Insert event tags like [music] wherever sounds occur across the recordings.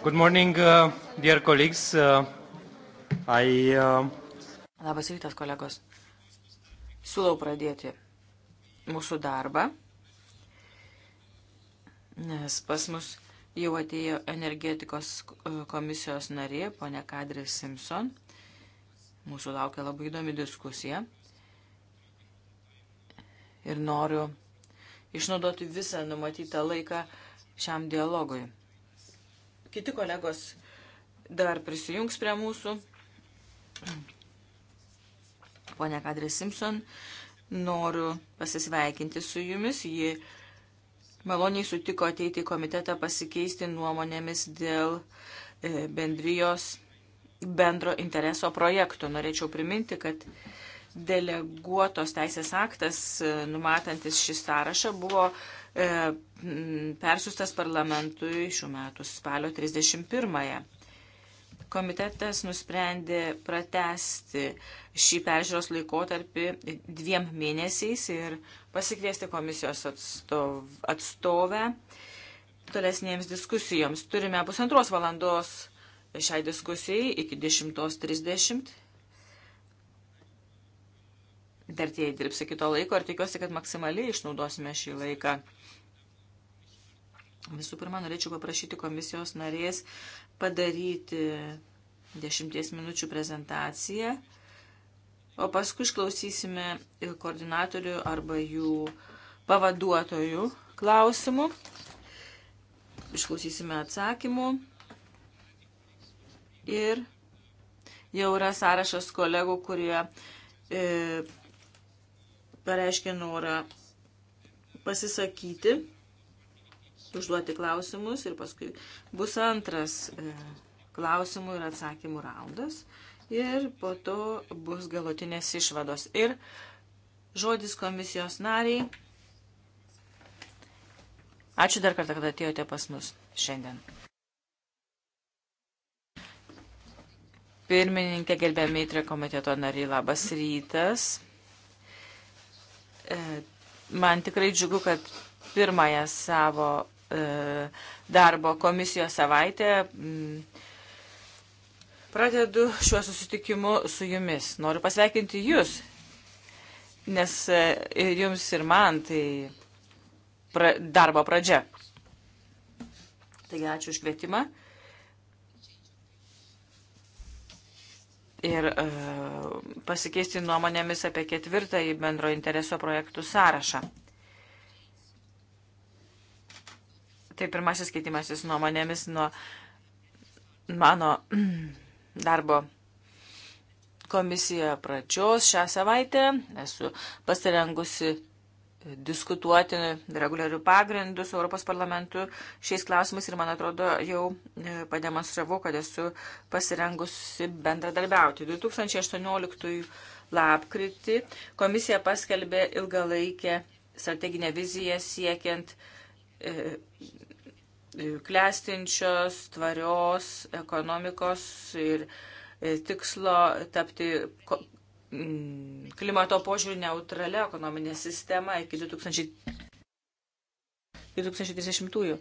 Good morning, uh, dear colleagues. Uh, I, uh... Labas rytas, kolegos. Siūlau pradėti mūsų darbą, nes pas mus jau atėjo energetikos uh, komisijos narė, ponė Kadri Simpson. Mūsų laukia labai įdomi diskusija. Ir noriu išnaudoti visą numatytą laiką šiam dialogui kiti kolegos dar prisijungs prie mūsų. Pone Kadrė Simpson, noriu pasisveikinti su jumis. Ji maloniai sutiko ateiti į komitetą pasikeisti nuomonėmis dėl e, bendrijos bendro intereso projektų. Norėčiau priminti, kad deleguotos teisės aktas, e, numatantis šį sąrašą, buvo e, persiustas parlamentui šių metų spalio 31-ąją. Komitetas nusprendė pratesti šį peržiūros laikotarpį dviem mėnesiais ir pasikviesti komisijos atstov, atstovę tolesnėms diskusijoms. Turime pusantros valandos šiai diskusijai iki 10.30. Dar tie dirbs iki to laiko ir tikiuosi, kad maksimaliai išnaudosime šį laiką. Visų pirma, norėčiau paprašyti komisijos narės padaryti dešimties minučių prezentaciją, o paskui išklausysime koordinatorių arba jų pavaduotojų klausimų, išklausysime atsakymų ir jau yra sąrašas kolegų, kurie e, pareiškė norą pasisakyti užduoti klausimus ir paskui bus antras e, klausimų ir atsakymų raundas ir po to bus galutinės išvados. Ir žodis komisijos nariai. Ačiū dar kartą, kad atėjote pas mus šiandien. Pirmininkė, gerbėmiai trio komiteto nariai, labas rytas. E, man tikrai džiugu, kad pirmąją savo E, darbo komisijos savaitę. Mm. Pradedu šiuo susitikimu su jumis. Noriu pasveikinti jūs, nes e, ir jums, ir man tai pra, darbo pradžia. Taigi ačiū už kvietimą. Ir e, pasikeisti nuomonėmis apie ketvirtąjį bendro intereso projektų sąrašą. Tai pirmasis keitimasis nuomonėmis nuo mano [clears throat] darbo komisija pradžios šią savaitę. Esu pasirengusi diskutuoti reguliarių pagrindų su Europos parlamentu šiais klausimais ir, man atrodo, jau e, pademonstravau, kad esu pasirengusi bendradarbiauti. 2018 lapkritį komisija paskelbė ilgalaikę strateginę viziją siekiant e, klestinčios, tvarios ekonomikos ir e, tikslo tapti klimato požiūrį neutralią ekonominę sistemą iki 2030-ųjų.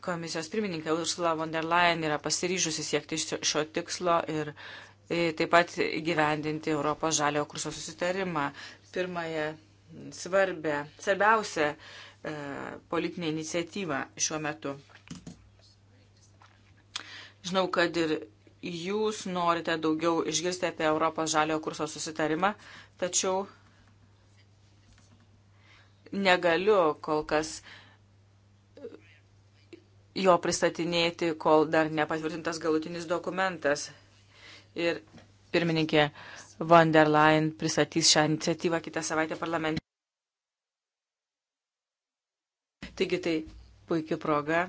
Komisijos pirmininkė Ursula von der Leyen yra pasiryžusi siekti šio tikslo ir e, taip pat gyvendinti Europos žaliojo kurso susitarimą. Pirmąją svarbę, svarbiausią E, politinę iniciatyvą šiuo metu. Žinau, kad ir jūs norite daugiau išgirsti apie Europos žaliojo kurso susitarimą, tačiau negaliu kol kas jo pristatinėti, kol dar nepatvirtintas galutinis dokumentas. Ir pirmininkė von der Leyen pristatys šią iniciatyvą kitą savaitę parlamente. Taigi tai puikia proga.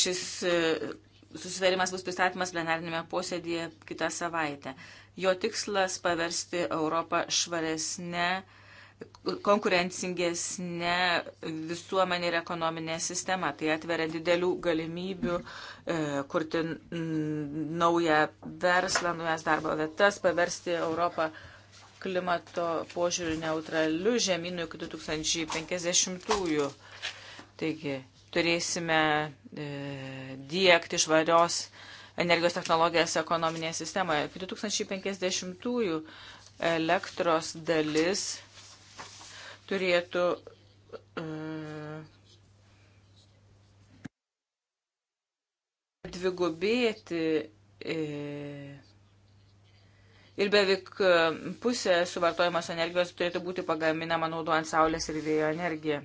Šis e, susitarimas bus pristatymas plenarinėme posėdėje kitą savaitę. Jo tikslas paversti Europą švaresnę konkurencingesnė visuomenė ir ekonominė sistema. Tai atveria didelių galimybių e, kurti naują verslą, naujas darbo vietas, paversti Europą klimato požiūrių neutraliu žemynu iki 2050-ųjų. Taigi turėsime e, dėkti švarios energijos technologijas ekonominėje sistemoje. Iki 2050-ųjų elektros dalis turėtų e, dvigubėti e, ir beveik pusė suvartojamos energijos turėtų būti pagaminama naudojant saulės ir vėjo energiją.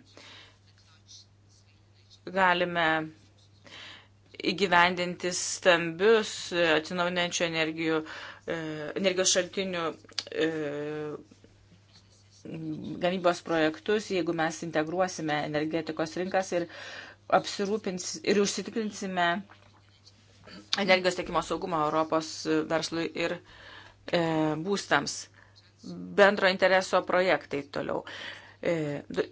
Galime įgyvendinti stambius atsinaujinančių e, energijos šaltinių gamybos projektus, jeigu mes integruosime energetikos rinkas ir apsirūpins ir užsitikrinsime energijos tiekimo saugumą Europos verslui ir e, būstams. Bendro intereso projektai toliau. E,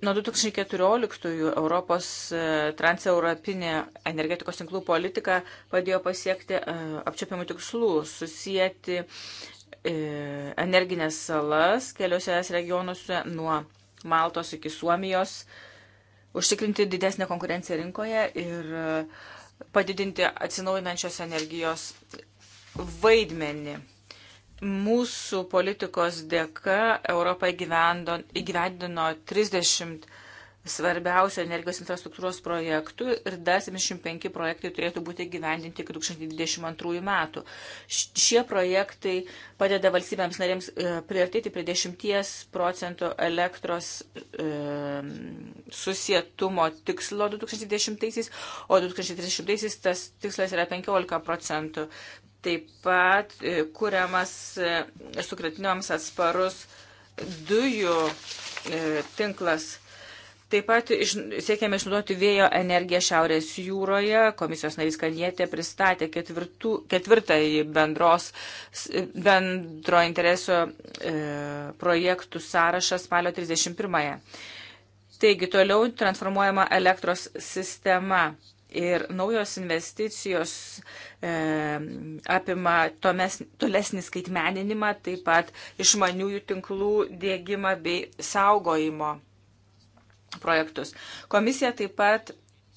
nuo 2014 Europos e, transeuropinė energetikos tinklų politika padėjo pasiekti e, apčiopiamų tikslų, susijęti E, energinės salas keliose regionuose nuo Maltos iki Suomijos, užtikrinti didesnę konkurenciją rinkoje ir e, padidinti atsinaujinančios energijos vaidmenį. Mūsų politikos dėka Europą įgyvendino 30 svarbiausių energijos infrastruktūros projektų ir dar 75 projektai turėtų būti gyvendinti iki 2022 metų. Šie projektai padeda valstybėms narėms e, priartėti prie 10 procentų elektros e, susietumo tikslo 2010-aisiais, o 2030-aisiais tas tikslas yra 15 procentų. Taip pat e, kuriamas e, sukretiniams atsparus dujų e, tinklas Taip pat iš, siekiame išnaudoti vėjo energiją Šiaurės jūroje. Komisijos narys Kanietė pristatė ketvirtų, ketvirtąjį bendros, bendro intereso e, projektų sąrašą spalio 31-ąją. Taigi toliau transformuojama elektros sistema ir naujos investicijos e, apima tomes, tolesnį skaitmeninimą, taip pat išmaniųjų tinklų dėgymą bei saugojimo projektus. Komisija taip pat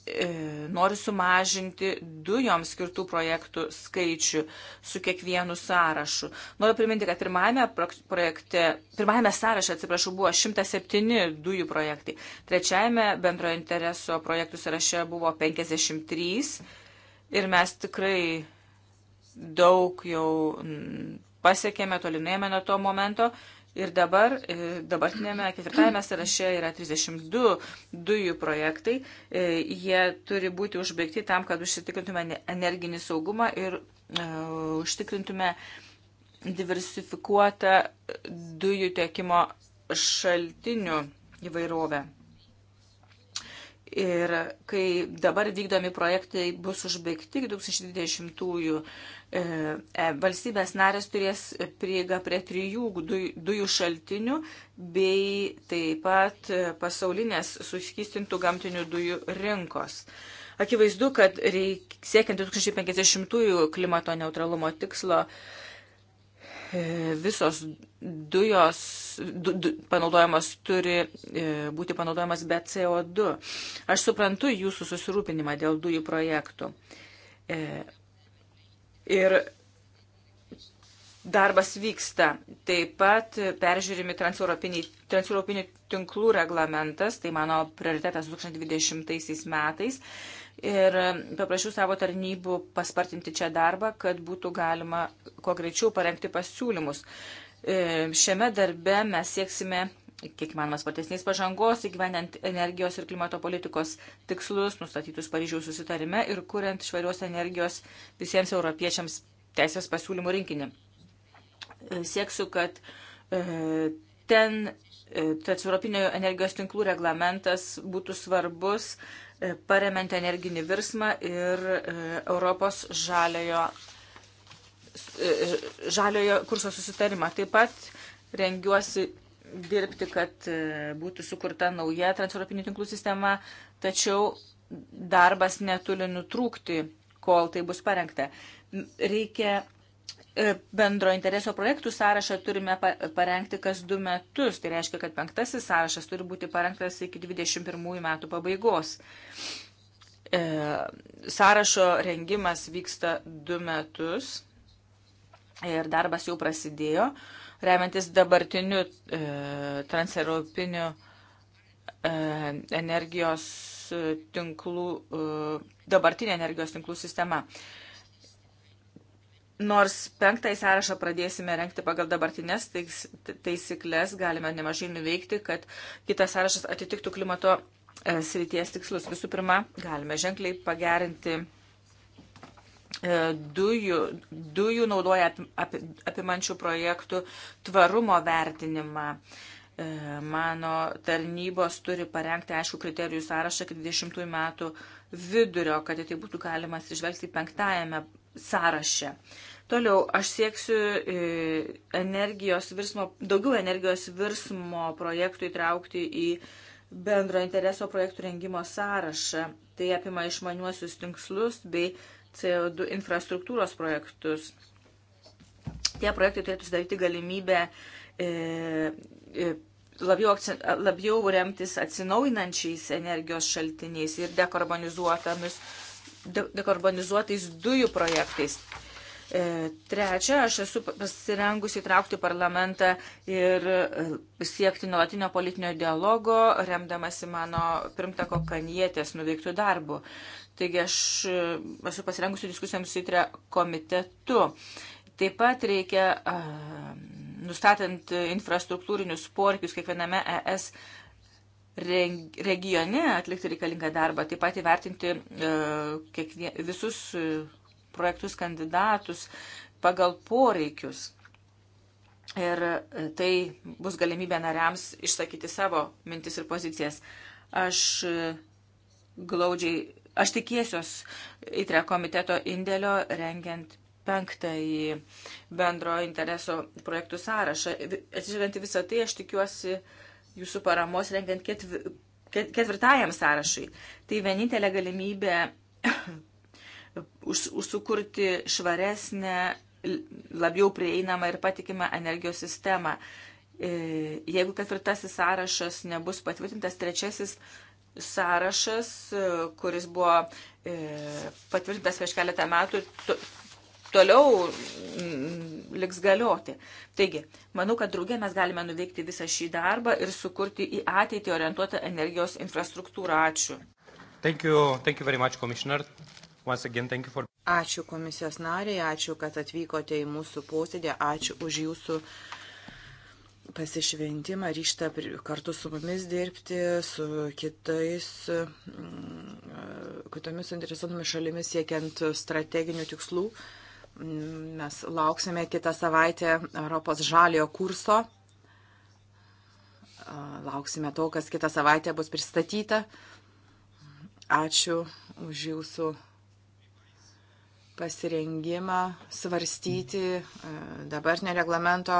e, nori sumažinti dujoms skirtų projektų skaičių su kiekvienu sąrašu. Noriu priminti, kad pirmajame projekte, pirmajame sąraše, atsiprašau, buvo 107 dujų projektai. Trečiajame bendrojo intereso projektų sąraše buvo 53 ir mes tikrai daug jau pasiekėme, tolinėjame nuo to momento. Ir dabar, e, dabartinėme ketvirtajame sąraše yra 32 dujų projektai. E, jie turi būti užbaigti tam, kad užsitikrintume energinį saugumą ir uh, užtikrintume diversifikuotą dujų tiekimo šaltinių įvairovę. Ir kai dabar vykdomi projektai bus užbaigti 2020-ųjų, E, e, valstybės narės turės prieigą prie trijų dujų šaltinių bei taip pat e, pasaulinės suskystintų gamtinių dujų rinkos. Akivaizdu, kad reik, siekiant 2050-ųjų klimato neutralumo tikslo visos dujos du, du, panaudojamos turi būti panaudojamas be CO2. Aš suprantu jūsų susirūpinimą dėl dujų projektų ir darbas vyksta. Taip pat peržiūrimi transeuropinių tinklų reglamentas, tai mano prioritetas 2020 metais. Ir paprašiau savo tarnybų paspartinti čia darbą, kad būtų galima kuo greičiau parengti pasiūlymus. E, šiame darbe mes sieksime kiek įmanomas platesnės pažangos, įgyvenant energijos ir klimato politikos tikslus, nustatytus Paryžiaus susitarime ir kuriant švarios energijos visiems europiečiams teisės pasiūlymų rinkinį. E, sieksiu, kad e, ten e, tas Europinio energijos tinklų reglamentas būtų svarbus, paremant energinį virsmą ir Europos žaliojo, žaliojo kurso susitarimą. Taip pat rengiuosi dirbti, kad e, būtų sukurta nauja transeuropinių tinklų sistema, tačiau darbas neturi nutrūkti, kol tai bus parengta. Reikia e, bendro intereso projektų sąrašą turime parengti kas du metus. Tai reiškia, kad penktasis sąrašas turi būti parengtas iki 21 metų pabaigos. E, sąrašo rengimas vyksta du metus ir darbas jau prasidėjo. E, remiantis dabartiniu e, transeuropiniu e, energijos tinklų, e, dabartinė energijos tinklų sistema. Nors penktąjį sąrašą pradėsime renkti pagal dabartinės taisyklės, galime nemažai nuveikti, kad kitas sąrašas atitiktų klimato e, srities tikslus. Visų pirma, galime ženkliai pagerinti E, dujų, dujų naudoja ap, apimančių projektų tvarumo vertinimą. E, mano tarnybos turi parengti aišku kriterijų sąrašą iki 20 metų vidurio, kad tai būtų galima atsižvelgti penktajame sąraše. Toliau aš sieksiu e, energijos virsmo, daugiau energijos virsmo projektų įtraukti į bendro intereso projektų rengimo sąrašą. Tai apima išmaniuosius tinkslus bei CO2 infrastruktūros projektus. Tie projektai turėtų sudaryti galimybę e, e, labiau, labiau remtis atsinaujinančiais energijos šaltiniais ir dekarbonizuotais dujų projektais. E, trečia, aš esu pasirengusi įtraukti parlamentą ir e, siekti nuolatinio politinio dialogo, remdamasi mano primtako kanietės nuveiktų darbų. Taigi aš e, esu pasirengusi diskusijoms su įtre komitetu. Taip pat reikia, nustatant infrastruktūrinius poreikius kiekviename ES regione atlikti reikalingą darbą, taip pat įvertinti visus projektus kandidatus pagal poreikius. Ir tai bus galimybė nariams išsakyti savo mintis ir pozicijas. Aš glaudžiai, aš tikėsiuos įtre komiteto indėlio rengiant penktąjį bendro intereso projektų sąrašą. Atsižvelgiant į visą tai, aš tikiuosi jūsų paramos rengiant ketv... ketvirtajam sąrašui. Tai vienintelė galimybė sukurti švaresnę, labiau prieinamą ir patikimą energijos sistemą. E, jeigu ketvirtasis sąrašas nebus patvirtintas, trečiasis sąrašas, e, kuris buvo e, patvirtintas prieš keletą metų, toliau mm, liks galioti. Taigi, manau, kad draugė mes galime nuveikti visą šį darbą ir sukurti į ateitį orientuotą energijos infrastruktūrą. Ačiū. Thank you, thank you very much, Commissioner. Again, for... Ačiū komisijos nariai, ačiū, kad atvykote į mūsų posėdį, ačiū už jūsų pasišventimą, ryštą kartu su mumis dirbti, su kitais, mm, kitomis interesuotomis šalimis siekiant strateginių tikslų. Mes lauksime kitą savaitę Europos žaliojo kurso. Lauksime to, kas kitą savaitę bus pristatyta. Ačiū už jūsų pasirengimą svarstyti e, dabartinio reglamento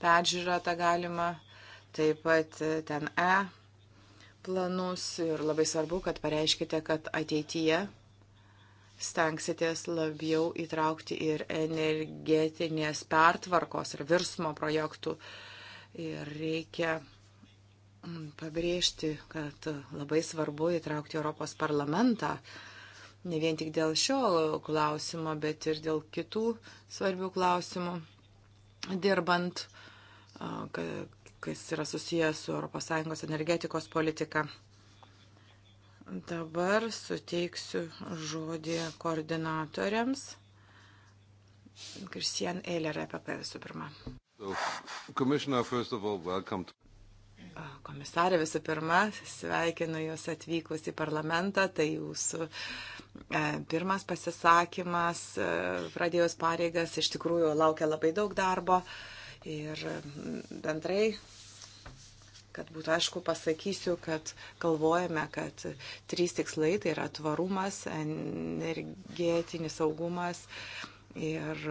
peržiūrą tą galima, taip pat e, ten E planus ir labai svarbu, kad pareiškite, kad ateityje stengsitės labiau įtraukti ir energetinės pertvarkos ir virsmo projektų. Ir reikia mm, pabrėžti, kad labai svarbu įtraukti Europos parlamentą ne vien tik dėl šio klausimo, bet ir dėl kitų svarbių klausimų, dirbant, kas yra susijęs su ES energetikos politika. Dabar suteiksiu žodį koordinatoriams. Kristian Eiler, EPP visų pirma. Komisarė visų pirma, sveikinu Jūs atvykus į parlamentą, tai Jūsų uh, E, pirmas pasisakymas, e, pradėjus pareigas, iš tikrųjų laukia labai daug darbo ir mm, bendrai kad būtų aišku, pasakysiu, kad galvojame, kad trys tikslai tai yra tvarumas, energetinis saugumas ir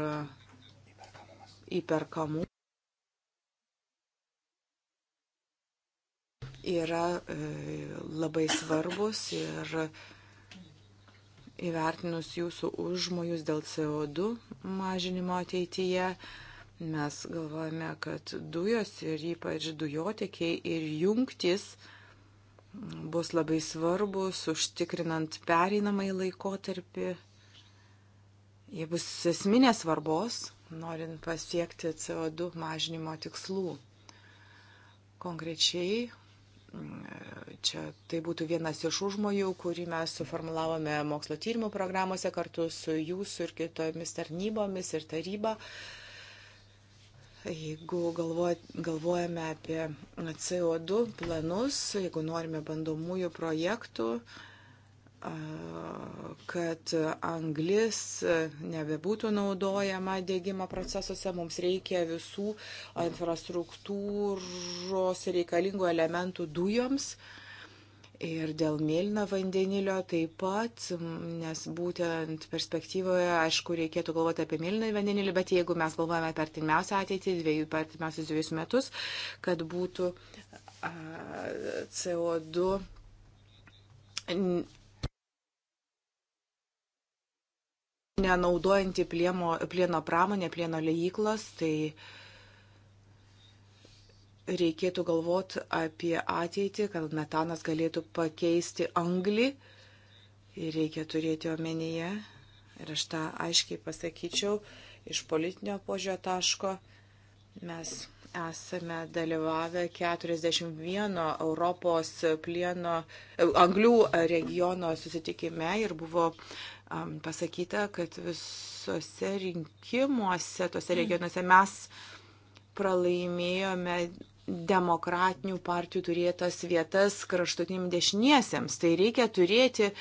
įperkamų. Yra e, labai svarbus ir Įvertinus jūsų užmojus dėl CO2 mažinimo ateityje, mes galvojame, kad dujos ir ypač dujotekiai ir jungtis bus labai svarbus, užtikrinant pereinamąjį laikotarpį. Jie bus esminės svarbos, norint pasiekti CO2 mažinimo tikslų. Konkrečiai Čia tai būtų vienas iš užmojų, kurį mes suformulavome mokslo tyrimų programuose kartu su jūsų ir kitomis tarnybomis ir taryba. Jeigu galvojame apie CO2 planus, jeigu norime bandomųjų projektų, uh, kad anglis nebebūtų naudojama dėgymo procesuose, mums reikia visų infrastruktūros reikalingų elementų dujoms. Ir dėl mėlyno vandenilio taip pat, nes būtent perspektyvoje, aišku, reikėtų galvoti apie mėlyną vandenilį, bet jeigu mes galvojame per artimiausią ateitį, dviejų, per artimiausius dviejus metus, kad būtų CO2 nenaudojanti plieno, plieno pramonė, plieno lejyklas, tai reikėtų galvoti apie ateitį, kad metanas galėtų pakeisti anglį ir reikia turėti omenyje, ir aš tą aiškiai pasakyčiau, iš politinio požio taško mes esame dalyvavę 41 Europos plieno, anglių regiono susitikime ir buvo uh, pasakyta, kad visose rinkimuose, tose regionuose mes pralaimėjome demokratinių partijų turėtas vietas kraštutinim dešiniesiems. Tai reikia turėti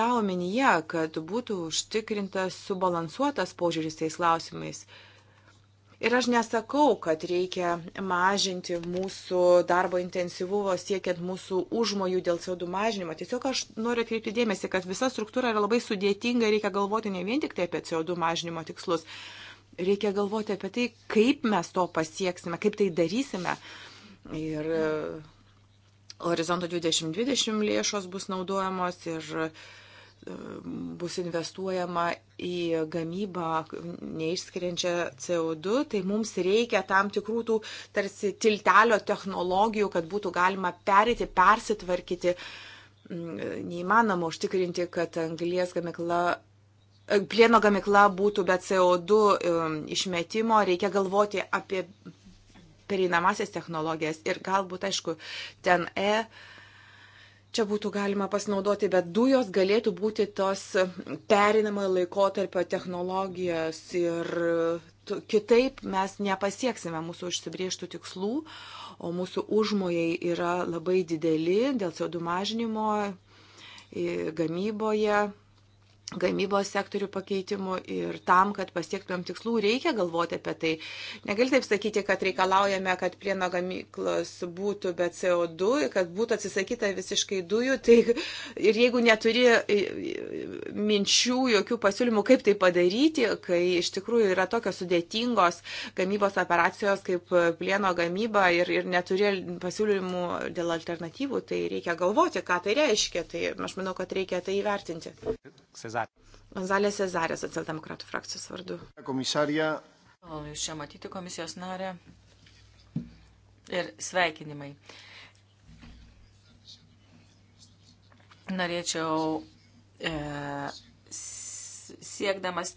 tą omenyje, kad būtų užtikrintas subalansuotas požiūris tais klausimais. Uh, Ir aš nesakau, kad reikia mažinti mūsų darbo intensyvumo siekiant mūsų užmojų dėl CO2 mažinimo. Tiesiog aš noriu atkreipti dėmesį, kad visa struktūra yra labai sudėtinga ir reikia galvoti ne vien tik tai apie CO2 mažinimo tikslus. Reikia galvoti apie tai, kaip mes to pasieksime, kaip tai darysime. Ir e, horizonto 2020 lėšos bus naudojamos ir uh, bus investuojama į gamybą neišskiriančią CO2, tai mums reikia tam tikrų tų tarsi tiltelio technologijų, kad būtų galima perėti, persitvarkyti. Mm, neįmanoma užtikrinti, kad anglies gamikla plieno gamikla būtų be CO2 um, išmetimo, reikia galvoti apie pereinamasias technologijas ir galbūt, aišku, ten E čia būtų galima pasinaudoti, bet dujos galėtų būti tos perinamojo laikotarpio technologijos ir kitaip mes nepasieksime mūsų užsibrieštų tikslų, o mūsų užmojai yra labai dideli dėl CO2 mažinimo gamyboje, gamybos sektorių pakeitimų ir tam, kad pasiektumėm tikslų, reikia galvoti apie tai. Negali taip sakyti, kad reikalaujame, kad plieno gamyklos būtų be CO2, kad būtų atsisakyta visiškai dujų. Tai, ir jeigu neturi minčių, jokių pasiūlymų, kaip tai padaryti, kai iš tikrųjų yra tokios sudėtingos gamybos operacijos kaip plieno gamyba ir, ir neturi pasiūlymų dėl alternatyvų, tai reikia galvoti, ką tai reiškia. Tai aš manau, kad reikia tai įvertinti. Cezar. Gonzalė Cezarė, socialdemokratų frakcijos vardu. Komisarija. Malonu Jūs čia matyti komisijos narę. Ir sveikinimai. Norėčiau e, siekdamas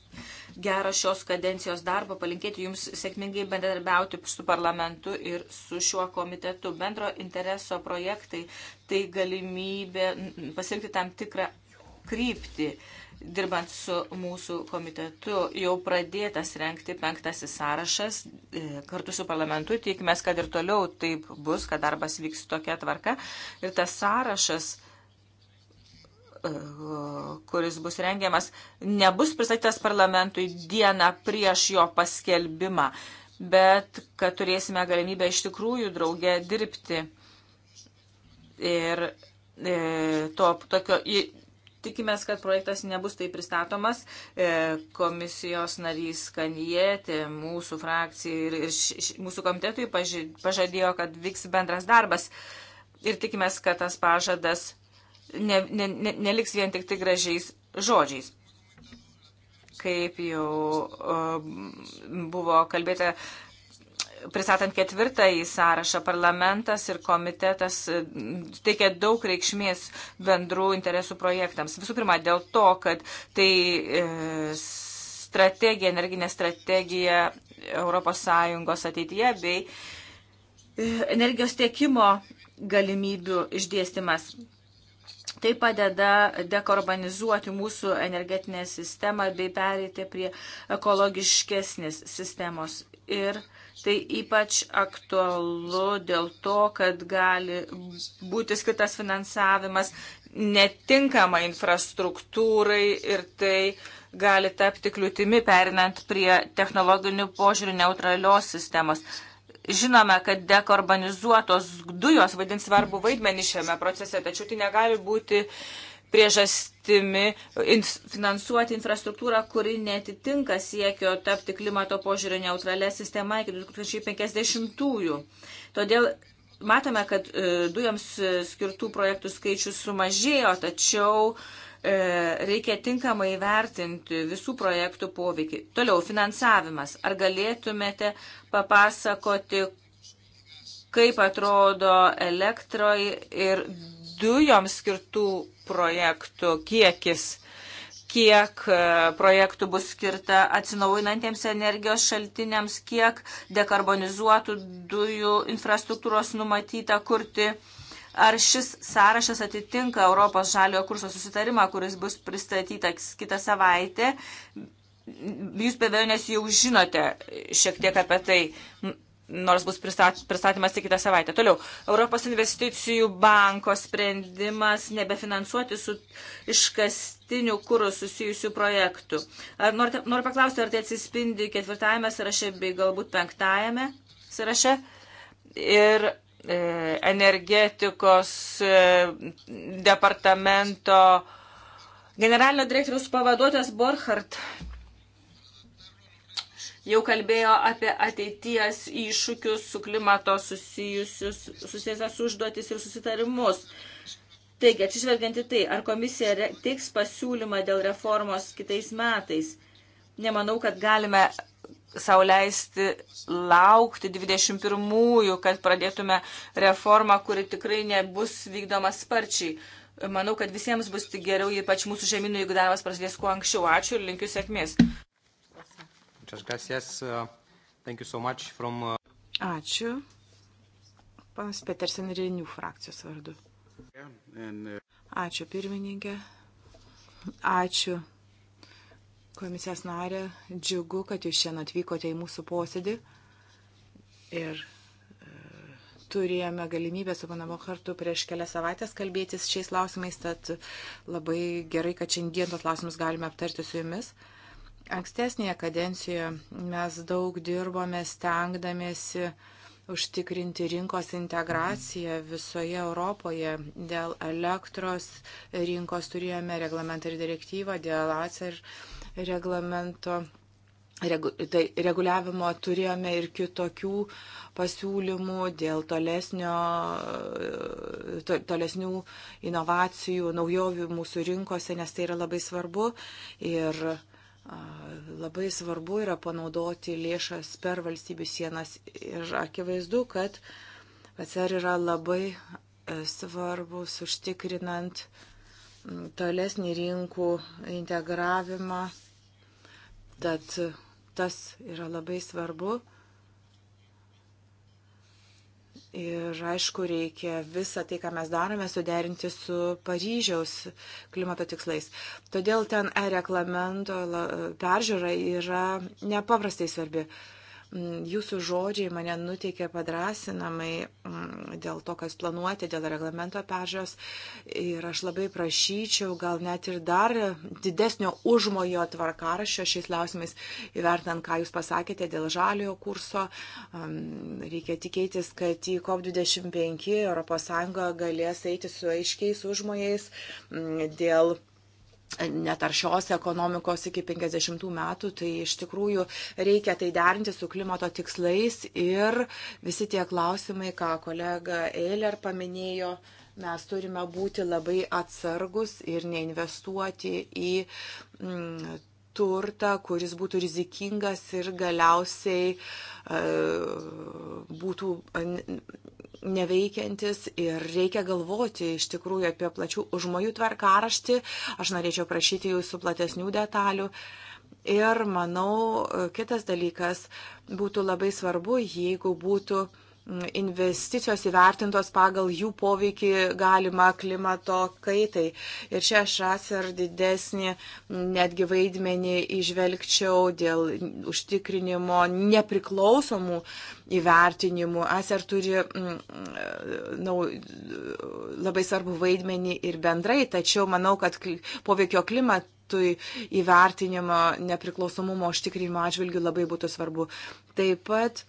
gerą šios kadencijos darbą, palinkėti Jums sėkmingai bendradarbiauti su parlamentu ir su šiuo komitetu. Bendro intereso projektai tai galimybė pasirinkti tam tikrą kryptį. E, dirbant su mūsų komitetu, jau pradėtas renkti penktasis sąrašas e, kartu su parlamentu. Tikimės, kad ir toliau taip bus, kad darbas vyks tokia tvarka. Ir tas sąrašas e, kuris bus rengiamas, nebus pristatytas parlamentui dieną prieš jo paskelbimą, bet kad turėsime galimybę iš tikrųjų draugę dirbti. Ir e, to, tokio, Tikimės, kad projektas nebus taip pristatomas. E, komisijos narys Kanjėti mūsų frakcijai ir, ir mūsų komitetui pažadėjo, kad vyks bendras darbas. Ir tikimės, kad tas pažadas ne, ne, ne, neliks vien tik tai gražiais žodžiais. Kaip jau e, buvo kalbėta pristatant ketvirtąjį sąrašą, parlamentas ir komitetas e, teikia daug reikšmės bendrų interesų projektams. Visų pirma, dėl to, kad tai e, strategija, energinė strategija ES ateityje bei e, energijos tiekimo galimybių išdėstymas. Tai padeda dekarbonizuoti mūsų energetinę sistemą bei perėti prie ekologiškesnės sistemos. Ir uh, Tai ypač aktualu dėl to, kad gali būti skirtas finansavimas netinkama infrastruktūrai ir tai gali tapti kliūtimi perinant prie technologinių požiūrių neutralios sistemos. Žinome, kad dekarbonizuotos dujos vaidins svarbu vaidmenį šiame procese, tačiau tai negali būti uh, priežastimi finansuoti infrastruktūrą, kuri netitinka siekio tapti klimato požiūrio neutralę sistemą iki 2050-ųjų. Todėl matome, kad e, dujoms e, skirtų projektų skaičius sumažėjo, tačiau e, reikia tinkamai vertinti visų projektų poveikį. Toliau, finansavimas. Ar galėtumėte papasakoti, kaip atrodo elektroj ir dujoms skirtų projektų kiekis, kiek e, projektų bus skirta atsinaujinantiems energijos šaltiniams, kiek dekarbonizuotų dujų infrastruktūros numatyta kurti. Ar šis sąrašas atitinka Europos žaliojo kurso susitarimą, kuris bus pristatytas kitą savaitę? Jūs be abejonės jau žinote šiek tiek apie tai nors bus pristatymas tik kitą savaitę. Toliau, Europos investicijų banko sprendimas nebefinansuoti su iškastiniu kūru susijusių projektų. Ar norite, noriu paklausti, ar tai atsispindi ketvirtajame sąraše bei galbūt penktajame sąraše. Ir e, energetikos e, departamento generalinio direktoriaus pavaduotojas Borchardt jau kalbėjo apie ateities iššūkius su klimato susijusius, susijusias užduotis ir susitarimus. Taigi, atsižvelgiant į tai, ar komisija teiks pasiūlymą dėl reformos kitais metais, nemanau, kad galime sauliaisti laukti 21-ųjų, kad pradėtume reformą, kuri tikrai nebus vykdoma sparčiai. Manau, kad visiems bus tik geriau, ypač mūsų žemynų, jeigu darbas prasidės kuo anksčiau. Ačiū ir linkiu sėkmės. Muchas gracias. Uh, thank you so much from... Uh, Ačiū. Panas Petersen ir Renių frakcijos vardu. Uh, Ačiū pirmininkė. Ačiū komisijos narė. Džiugu, kad jūs šiandien atvykote į mūsų posėdį. Ir turėjome galimybę su panamo kartu prieš kelias savaitės kalbėtis šiais klausimais, tad labai gerai, kad šiandien tos klausimus galime aptarti su jumis. Uh, Ankstesnėje kadencijoje mes daug dirbome stengdamėsi užtikrinti rinkos integraciją visoje Europoje. Dėl elektros rinkos turėjome reglamentą ir direktyvą, dėl ACER reglamento regu, tai, reguliavimo turėjome ir kitokių pasiūlymų dėl tolesnio, to, tolesnių inovacijų, naujovių mūsų rinkose, nes tai yra labai svarbu. Ir Labai svarbu yra panaudoti lėšas per valstybių sienas ir akivaizdu, kad PCR yra labai e, svarbus užtikrinant tolesnį rinkų integravimą. Tad tas yra labai svarbu. Ir aišku, reikia visą tai, ką mes darome, suderinti su Paryžiaus klimato tikslais. Todėl ten e-reglamento peržiūra yra nepaprastai svarbi. Uh, Mm, jūsų žodžiai mane nuteikė padrasinamai mm, dėl to, kas planuoti, dėl reglamento pežios. Ir aš labai prašyčiau, gal net ir dar didesnio užmojo tvarkarašio šiais klausimais, įvertinant, ką Jūs pasakėte dėl žaliojo kurso. Mm, reikia tikėtis, kad į COP25 ES galės eiti su aiškiais užmojais dėl netaršios ekonomikos iki 50 metų, tai iš tikrųjų reikia tai derinti su klimato tikslais ir visi tie klausimai, ką kolega Eiler paminėjo, mes turime būti labai atsargus ir neinvestuoti į mm, turtą, kuris būtų rizikingas ir galiausiai e, būtų neveikiantis ir reikia galvoti iš tikrųjų apie plačių užmojų tvarkaraštį. Aš norėčiau prašyti jūsų platesnių detalių. Ir manau, kitas dalykas būtų labai svarbu, jeigu būtų uh, investicijos įvertintos pagal jų poveikį galima klimato kaitai. Ir čia aš atsar didesnį netgi vaidmenį išvelgčiau dėl užtikrinimo nepriklausomų įvertinimų. Aser turi nau, labai svarbu vaidmenį ir bendrai, tačiau manau, kad poveikio klimatui įvertinimo nepriklausomumo užtikrinimo atžvilgių labai būtų svarbu. Taip pat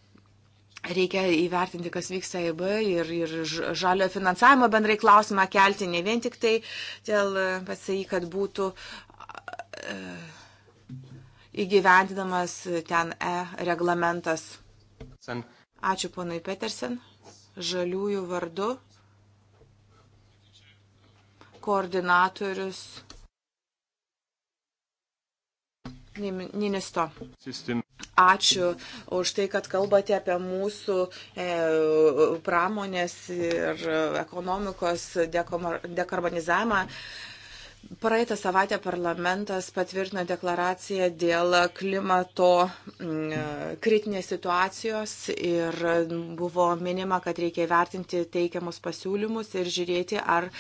reikia įvertinti, kas vyksta EIB ir, ir žalio finansavimo bendrai klausimą kelti, ne vien tik tai dėl e, pasai, kad būtų e, įgyvendinamas ten E reglamentas. Ačiū ponui Petersen, žaliųjų vardu, koordinatorius Ninisto. System ačiū už tai, kad kalbate apie mūsų e, pramonės ir ekonomikos dekarbonizavimą. Praeitą savaitę parlamentas patvirtino deklaraciją dėl klimato mm, kritinės situacijos ir buvo minima, kad reikia vertinti teikiamus pasiūlymus ir žiūrėti, ar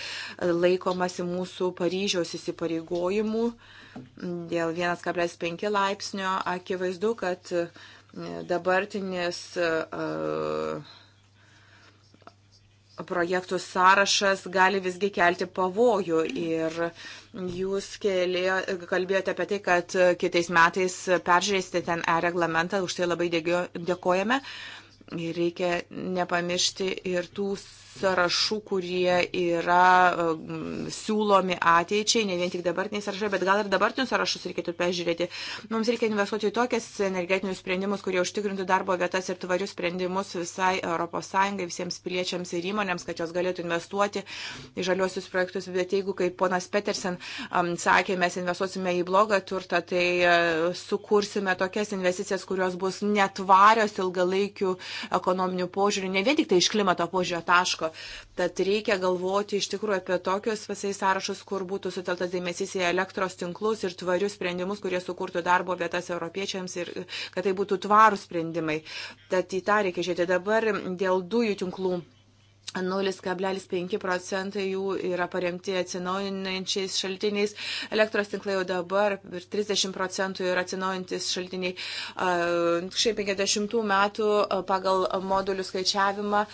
laikomasi mūsų Paryžiaus įsipareigojimų. Uh, dėl 1,5 laipsnio akivaizdu, kad e, dabartinis e, e, projektų sąrašas gali visgi kelti pavojų ir jūs kelėjo, kalbėjote apie tai, kad kitais metais peržiūrėsite ten e-reglamentą, už tai labai dėkojame. Ir reikia nepamiršti ir tų sąrašų, kurie yra e, siūlomi ateičiai, ne vien tik dabartiniai sąrašai, bet gal ir dabartinius sąrašus reikėtų peržiūrėti. Mums reikia investuoti į tokias energetinius sprendimus, kurie užtikrintų darbo vietas ir tvarius sprendimus visai ES, visiems piliečiams ir įmonėms, kad jos galėtų investuoti į žaliosius projektus. Bet jeigu, kaip ponas Petersen um, sakė, mes investuosime į blogą turtą, tai uh, sukursime tokias investicijas, kurios bus netvarios ilgalaikių ekonominių požiūrių, ne vien tik tai iš klimato požiūrio taško taško. Tad reikia galvoti iš tikrųjų apie tokius visais sąrašus, kur būtų suteltas dėmesys į elektros tinklus ir tvarius sprendimus, kurie sukurtų darbo vietas europiečiams ir kad tai būtų tvarūs sprendimai. Tad į tą reikia žiūrėti dabar dėl dujų tinklų. 0,5 procentai jų yra paremti atsinaujinančiais šaltiniais. Elektros tinklai jau dabar ir 30 procentų yra atsinaujinantis šaltiniai. Šiaip 50 metų pagal modulių skaičiavimą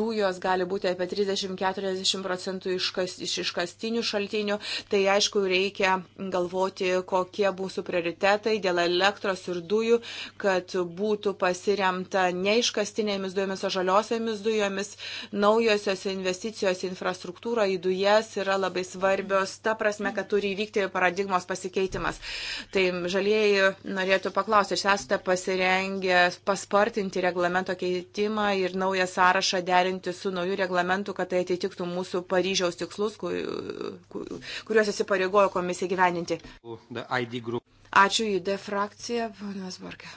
dujos gali būti apie 30-40 procentų iš, kas, iš iškastinių šaltinių. Tai aišku, reikia galvoti, kokie mūsų prioritetai dėl elektros ir dujų, kad būtų pasiremta ne iškastinėmis dujomis, o žaliosiamis dujomis. Naujosios investicijos į infrastruktūrą, į dujas yra labai svarbios, ta prasme, kad turi įvykti paradigmos pasikeitimas. Tai žalieji norėtų paklausti, ar esate pasirengę paspartinti reglamento keitimą ir naują sąrašą derinti su nauju reglamentu, kad tai atitiktų mūsų Paryžiaus tikslus, kuriuos įsipareigojo komisija gyveninti. Ačiū į D frakciją, ponas Borgė.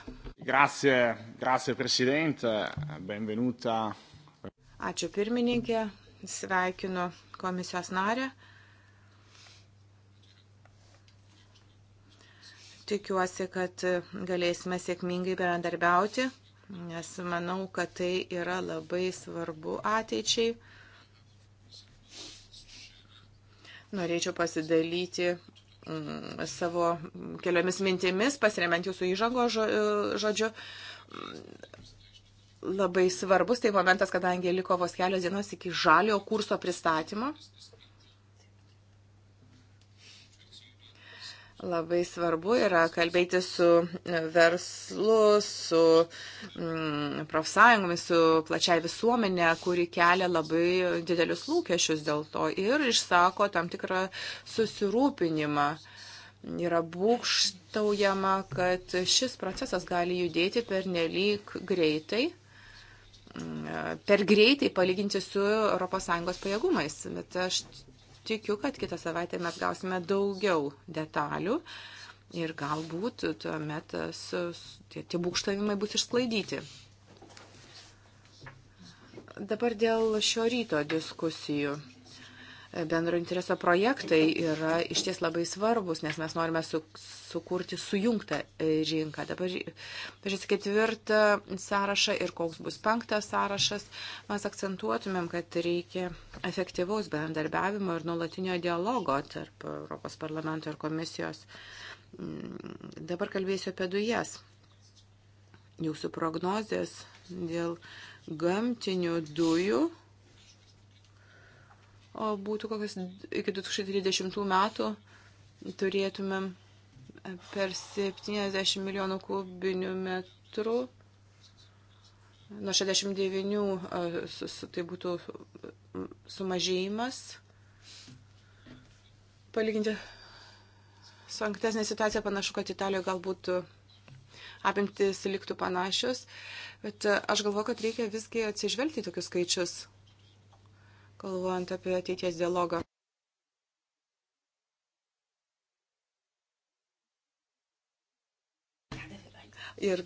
Grazie, grazie prezidentė, benvenuta Ačiū pirmininkė, sveikinu komisijos narę. Tikiuosi, kad galėsime sėkmingai bendarbiauti, nes manau, kad tai yra labai svarbu ateičiai. Norėčiau pasidalyti mm, savo keliomis mintimis, pasiremiant jūsų įžango žodžiu labai svarbus tai momentas, kadangi liko vos kelios dienos iki žalio kurso pristatymo. Labai svarbu yra kalbėti su e, verslu, su mm, profsąjungomis, su plačiai visuomenė, kuri kelia labai didelius lūkesčius dėl to ir išsako tam tikrą susirūpinimą yra būkštaujama, kad šis procesas gali judėti per nelyg greitai per greitai palyginti su ES pajėgumais. Bet aš tikiu, kad kitą savaitę mes gausime daugiau detalių ir galbūt tuomet tie, tie būkštavimai bus išsklaidyti. Dabar dėl šio ryto diskusijų bendro intereso projektai yra iš ties labai svarbus, nes mes norime su, sukurti sujungtą rinką. Dabar pažiūrėsime ketvirtą sąrašą ir koks bus penktas sąrašas. Mes akcentuotumėm, kad reikia efektyvaus bendarbiavimo ir nuolatinio dialogo tarp Europos parlamento ir komisijos. Dabar kalbėsiu apie dujas. Jūsų prognozijas dėl gamtinių dujų būtų kokios iki 2030 metų turėtumėm e, per 70 milijonų kubinių metrų. Nuo 69 e, su, su, tai būtų sumažėjimas. Palyginti su ankstesnė situacija panašu, kad Italijoje galbūt apimtis liktų panašios, bet e, aš galvoju, kad reikia visgi atsižvelgti į tokius skaičius galvojant apie ateities dialogą. Ir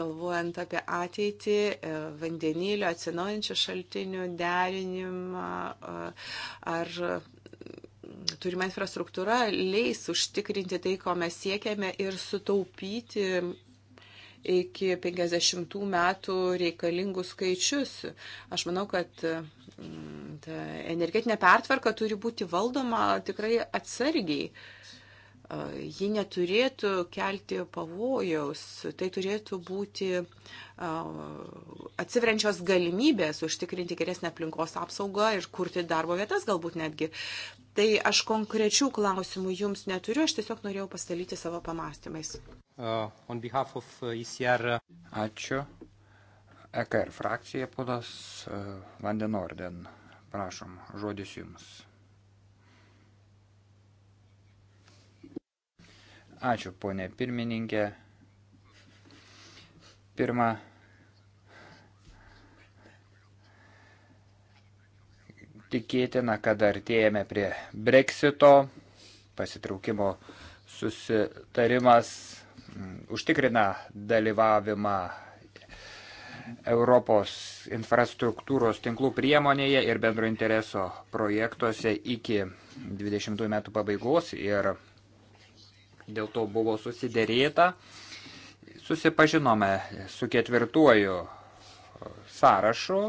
galvojant apie ateitį, e, vandenilio atsinaujančių šaltinių derinimą, e, ar turima infrastruktūra leis užtikrinti tai, ko mes siekiame ir sutaupyti iki 50 metų reikalingus skaičius. Aš manau, kad mm, ta energetinė pertvarka turi būti valdoma tikrai atsargiai. Ji neturėtų kelti pavojaus, tai turėtų būti atsivrenčios galimybės užtikrinti geresnę aplinkos apsaugą ir kurti darbo vietas galbūt netgi. Tai aš konkrečių klausimų jums neturiu, aš tiesiog norėjau pasidalyti savo pamastymais. Uh, on behalf of uh, ECR. Uh, Ačiū. EKR frakcija, podas uh, Vandenorden. Prašom, žodis jums. Ačiū, ponė pirmininkė. Pirma, tikėtina, kad artėjame prie Brexito, pasitraukimo susitarimas Mm, užtikrina dalyvavimą Europos infrastruktūros tinklų priemonėje ir bendro intereso projektuose iki 20 metų pabaigos ir dėl to buvo susiderėta. Susipažinome su ketvirtuoju sąrašu,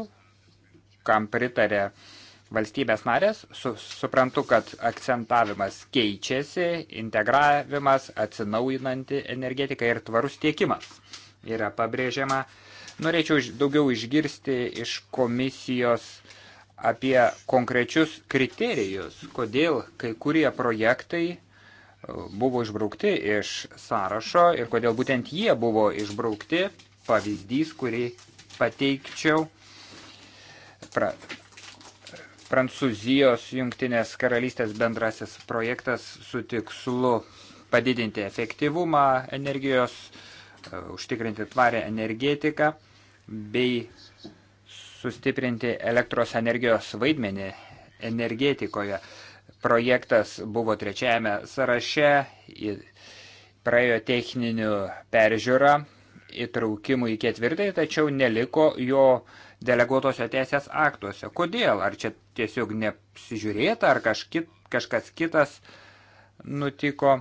kam pritarė uh, valstybės narės, su, suprantu, kad akcentavimas keičiasi, integravimas, atsinaujinanti energetika ir tvarus tiekimas yra pabrėžiama. Norėčiau daugiau išgirsti iš komisijos apie konkrečius kriterijus, kodėl kai kurie projektai uh, buvo išbraukti iš sąrašo ir kodėl būtent jie buvo išbraukti. Pavyzdys, kurį pateikčiau pra, Prancūzijos jungtinės karalystės bendrasis projektas su tikslu padidinti efektyvumą energijos, e, užtikrinti tvarę energetiką bei sustiprinti elektros energijos vaidmenį energetikoje. Projektas buvo trečiajame sąraše, praėjo techninių peržiūrą įtraukimų į ketvirtąjį, tačiau neliko jo deleguotose teisės aktuose. Kodėl? Ar čia tiesiog neapsižiūrėta, ar kažkit, kažkas kitas nutiko,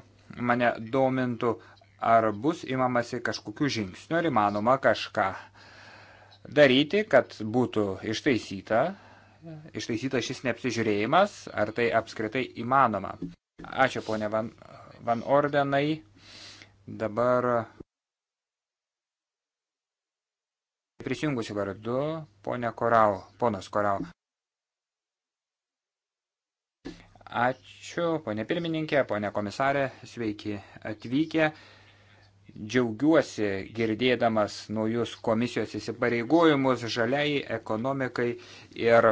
mane domintų, ar bus imamasi kažkokių žingsnių, ar įmanoma kažką daryti, kad būtų ištaisyta, ištaisyta šis neapsižiūrėjimas, ar tai apskritai įmanoma. Ačiū, ponė Van, Van Ordenai. Dabar prisijungusių vardu ponė Korau, ponas Korau. Ačiū, ponė pirmininkė, ponė komisarė, sveiki atvykę. Džiaugiuosi girdėdamas naujus komisijos įsipareigojimus žaliai ekonomikai ir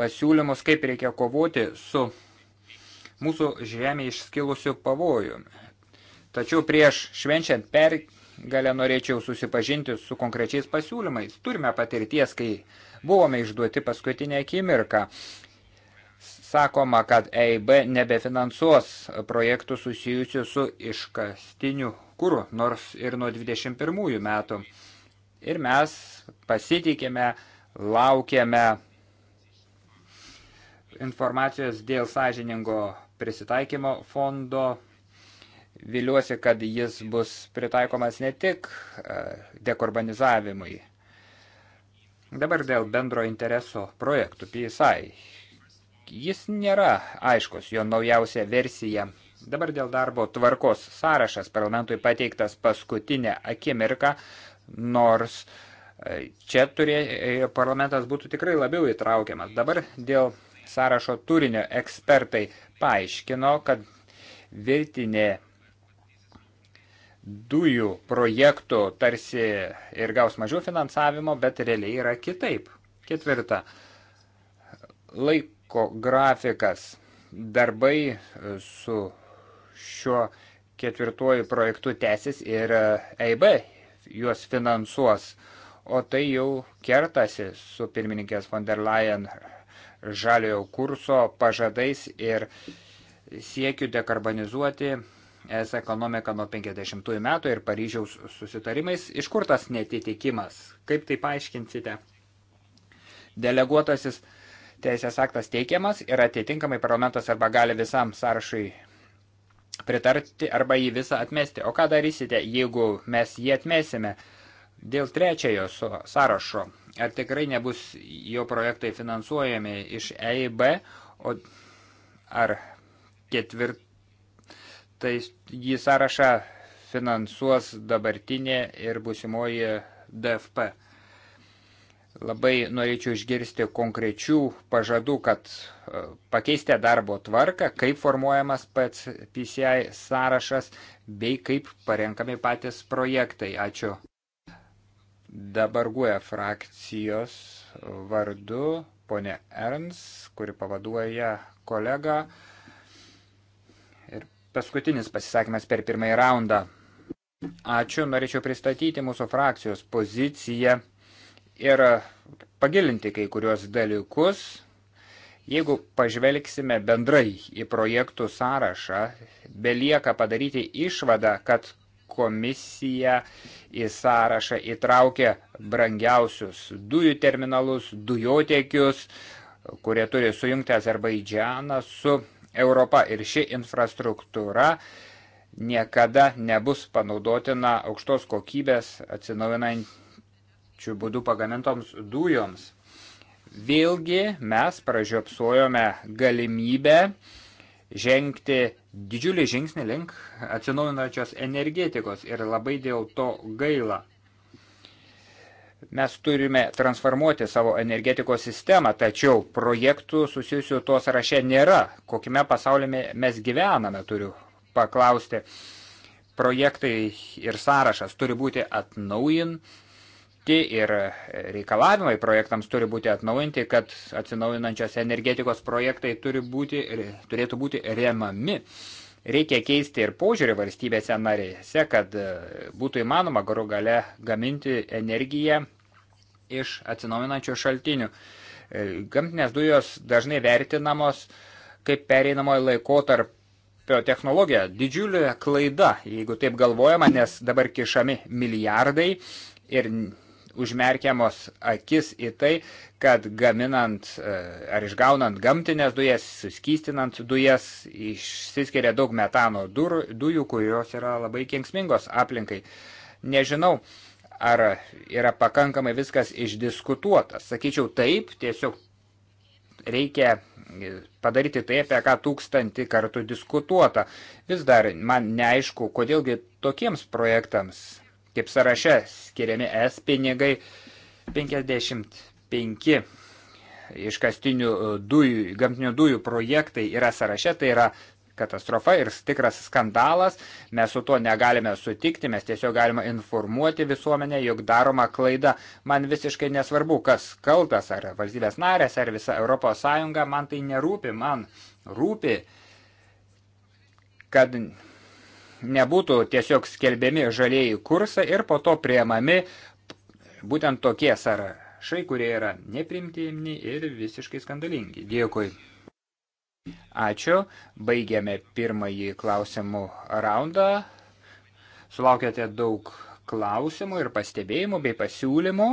pasiūlymus, kaip reikia kovoti su mūsų žemė išskilusiu pavojumi. Tačiau prieš švenčiant per gale norėčiau susipažinti su konkrečiais pasiūlymais. Turime patirties, kai buvome išduoti paskutinę akimirką. Sakoma, kad EIB nebefinansuos projektų susijusių su iškastiniu kūru, nors ir nuo 21 metų. Ir mes pasitikėme, laukiame informacijos dėl sąžiningo prisitaikymo fondo Viliuosi, kad jis bus pritaikomas ne tik e, dekorbanizavimui. Dabar dėl bendro intereso projektų PSI. Jis nėra aiškus, jo naujausia versija. Dabar dėl darbo tvarkos sąrašas parlamentui pateiktas paskutinę akimirką, nors e, čia turėjo, e, parlamentas būtų tikrai labiau įtraukiamas. Dabar dėl sąrašo turinio ekspertai paaiškino, kad virtinė dujų projektų tarsi ir gaus mažiau finansavimo, bet realiai yra kitaip. Ketvirta. Laiko grafikas. Darbai e, su šiuo ketvirtuoju projektu tęsis ir EIB e juos finansuos. O tai jau kertasi su pirmininkės von der Leyen žaliojo kurso pažadais ir siekiu dekarbonizuoti ES ekonomiką nuo 50 metų ir Paryžiaus susitarimais. Iš kur tas netitikimas? Kaip tai paaiškinsite? Deleguotasis teisės aktas teikiamas ir atitinkamai parlamentas arba gali visam sąrašui pritarti arba jį visą atmesti. O ką darysite, jeigu mes jį atmesime dėl trečiojo sąrašo? Ar tikrai nebus jo projektai finansuojami iš EIB, o ar ketvirt tai jį sąrašą finansuos dabartinė ir busimoji DFP. Labai norėčiau išgirsti konkrečių pažadų, kad e, pakeistė darbo tvarką, kaip formuojamas pats PCI sąrašas, bei kaip parenkami patys projektai. Ačiū. Dabar guoja e frakcijos vardu ponė Erns, kuri pavaduoja kolegą paskutinis pasisakymas per pirmąjį raundą. Ačiū, norėčiau pristatyti mūsų frakcijos poziciją ir pagilinti kai kuriuos dalykus. Jeigu pažvelgsime bendrai į projektų sąrašą, belieka padaryti išvadą, kad komisija į sąrašą įtraukė brangiausius dujų terminalus, dujotiekius, kurie turi sujungti Azerbaidžianą su Europa ir ši infrastruktūra niekada nebus panaudotina aukštos kokybės atsinaujinančių būdų pagamintoms dujoms. Vėlgi mes pražiopsojome galimybę žengti didžiulį žingsnį link atsinaujinančios energetikos ir labai dėl to gaila. Mes turime transformuoti savo energetikos sistemą, tačiau projektų susijusių to sąraše nėra. Kokime pasaulyme mes gyvename, turiu paklausti. Projektai ir sąrašas turi būti atnaujinti ir reikalavimai projektams turi būti atnaujinti, kad atsinaujinančios energetikos projektai turi būti, turėtų būti remami reikia keisti ir požiūrį valstybėse narėse, kad būtų įmanoma garų gale gaminti energiją iš atsinaujinančių šaltinių. E, gamtinės dujos dažnai vertinamos kaip pereinamojo laikotarpio technologija. Didžiulė klaida, jeigu taip galvojama, nes dabar kišami milijardai ir užmerkiamos akis į tai, kad gaminant e, ar išgaunant gamtinės dujas, suskystinant dujas, išsiskiria daug metano durų, dujų, kurios yra labai kenksmingos aplinkai. Nežinau, ar yra pakankamai viskas išdiskutuota. Sakyčiau taip, tiesiog reikia padaryti tai, apie ką tūkstantį kartų diskutuota. Vis dar man neaišku, kodėlgi tokiems projektams, kaip sąraše, skiriami es pinigai 55 iškastinių dujų, gamtinių dujų projektai yra sąraše, tai yra katastrofa ir tikras skandalas. Mes su tuo negalime sutikti, mes tiesiog galime informuoti visuomenę, jog daroma klaida. Man visiškai nesvarbu, kas kaltas, ar valstybės narės, ar visa Europos Sąjunga, man tai nerūpi, man rūpi, kad nebūtų tiesiog skelbiami žalieji kursai ir po to priemami būtent tokie sąrašai, kurie yra neprimtini ir visiškai skandalingi. Dėkui. Ačiū. Baigiame pirmąjį klausimų raundą. Sulaukėte daug klausimų ir pastebėjimų bei pasiūlymų.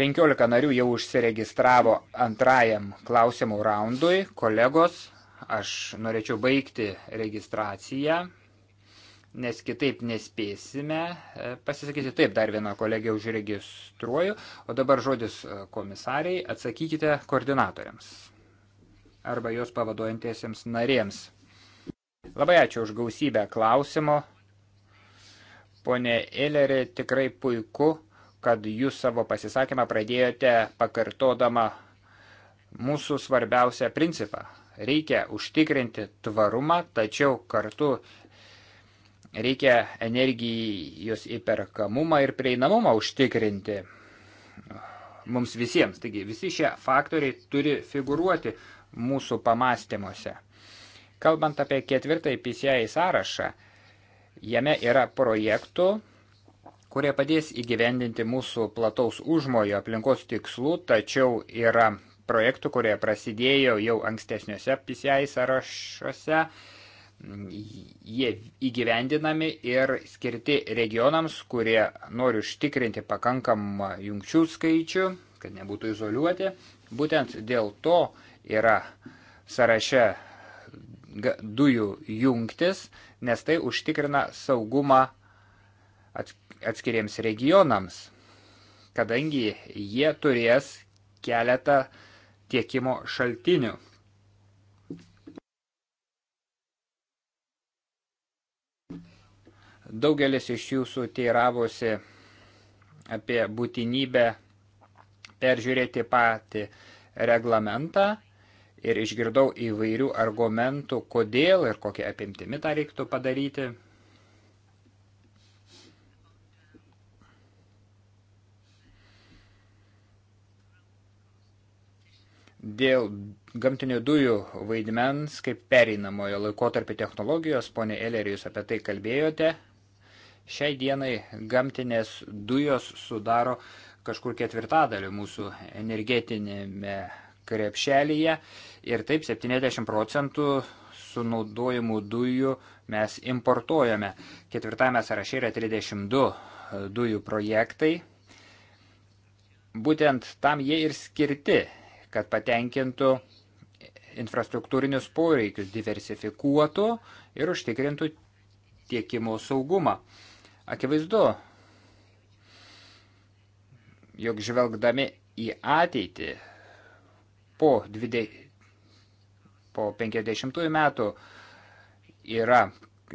15 narių jau užsiregistravo antrajam klausimų raundui. Kolegos, aš norėčiau baigti registraciją, nes kitaip nespėsime e, pasisakyti. Taip, dar vieną kolegę užregistruoju. O dabar žodis e, komisariai, atsakykite koordinatoriams arba jos pavaduojantiesiems narėms. Labai ačiū už gausybę klausimų. Pone Elerė, tikrai puiku, kad jūs savo pasisakymą pradėjote pakartodama mūsų svarbiausią principą. Reikia užtikrinti tvarumą, tačiau kartu reikia energijos įperkamumą ir prieinamumą užtikrinti mums visiems. Taigi visi šie faktoriai turi figuruoti mūsų pamastymuose. Kalbant apie ketvirtąjį PCI sąrašą, jame yra projektų, kurie padės įgyvendinti mūsų plataus užmojo aplinkos tikslų, tačiau yra projektų, kurie prasidėjo jau ankstesniuose PCI sąrašuose, jie įgyvendinami ir skirti regionams, kurie nori užtikrinti pakankamą jungčių skaičių, kad nebūtų izoliuoti. Būtent dėl to yra sąraše dujų jungtis, nes tai užtikrina saugumą atskiriems regionams, kadangi jie turės keletą tiekimo šaltinių. Daugelis iš jūsų teiravosi apie būtinybę peržiūrėti patį reglamentą ir išgirdau įvairių argumentų, kodėl ir kokia apimtimi tą reiktų padaryti. Dėl gamtinių dujų vaidmens kaip pereinamojo laikotarpio technologijos, ponė Elerį, jūs apie tai kalbėjote, šiai dienai gamtinės dujos sudaro kažkur ketvirtadalį mūsų energetinėme krepšelyje ir taip 70 procentų sunaudojimų dujų mes importuojame. Ketvirtame sąraše yra 32 dujų projektai. Būtent tam jie ir skirti, kad patenkintų infrastruktūrinius poreikius, diversifikuotų ir užtikrintų tiekimo saugumą. Akivaizdu, jog žvelgdami į ateitį po, 20, po 50 metų yra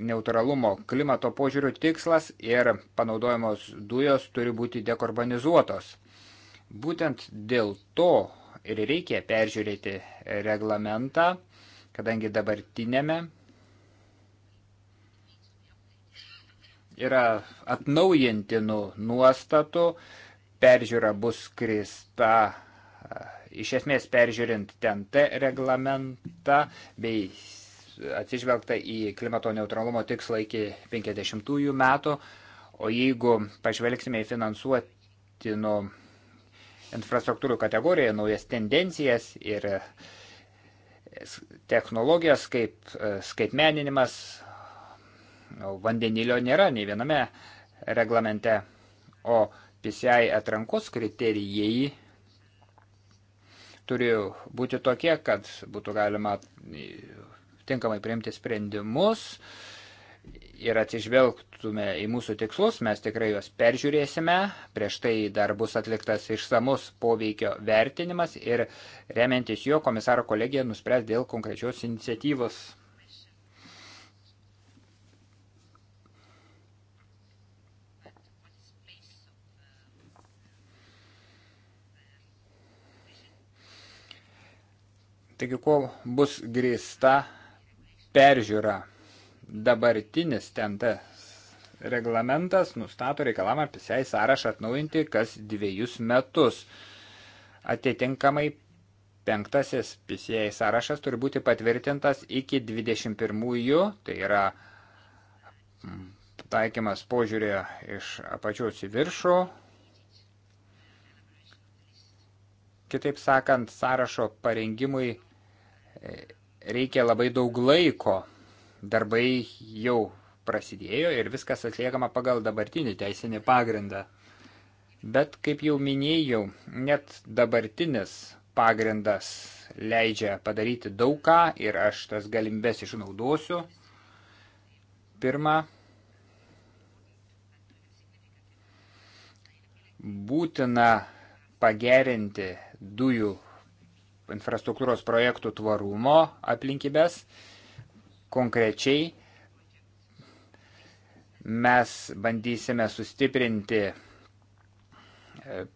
neutralumo klimato požiūrių tikslas ir panaudojamos dujos turi būti dekarbonizuotos. Būtent dėl to ir reikia peržiūrėti reglamentą, kadangi dabartinėme yra atnaujintinų nuostatų, peržiūra bus krista iš esmės peržiūrint TNT reglamentą bei atsižvelgta į klimato neutralumo tikslą iki 50 metų, o jeigu pažvelgsime į finansuotinų infrastruktūrų kategoriją, naujas tendencijas ir technologijas kaip e, skaitmeninimas, vandenilio nėra nei viename reglamente, o PCI atrankos kriterijai turi būti tokie, kad būtų galima tinkamai priimti sprendimus ir atsižvelgtume į mūsų tikslus, mes tikrai juos peržiūrėsime, prieš tai dar bus atliktas išsamus poveikio vertinimas ir remiantis jo komisaro kolegija nuspręs dėl konkrečios iniciatyvos. Taigi, kol bus grįsta peržiūra dabartinis TNT reglamentas nustato reikalavimą PCI sąrašą atnaujinti kas dviejus metus. Atitinkamai penktasis PCI sąrašas turi būti patvirtintas iki 21-ųjų, tai yra taikymas požiūrė iš apačios į viršų. Kitaip sakant, sąrašo parengimui reikia labai daug laiko. Darbai jau prasidėjo ir viskas atliekama pagal dabartinį teisinį pagrindą. Bet, kaip jau minėjau, net dabartinis pagrindas leidžia padaryti daug ką ir aš tas galimybės išnaudosiu. Pirma, būtina pagerinti dujų infrastruktūros projektų tvarumo aplinkybės. Konkrečiai mes bandysime sustiprinti e,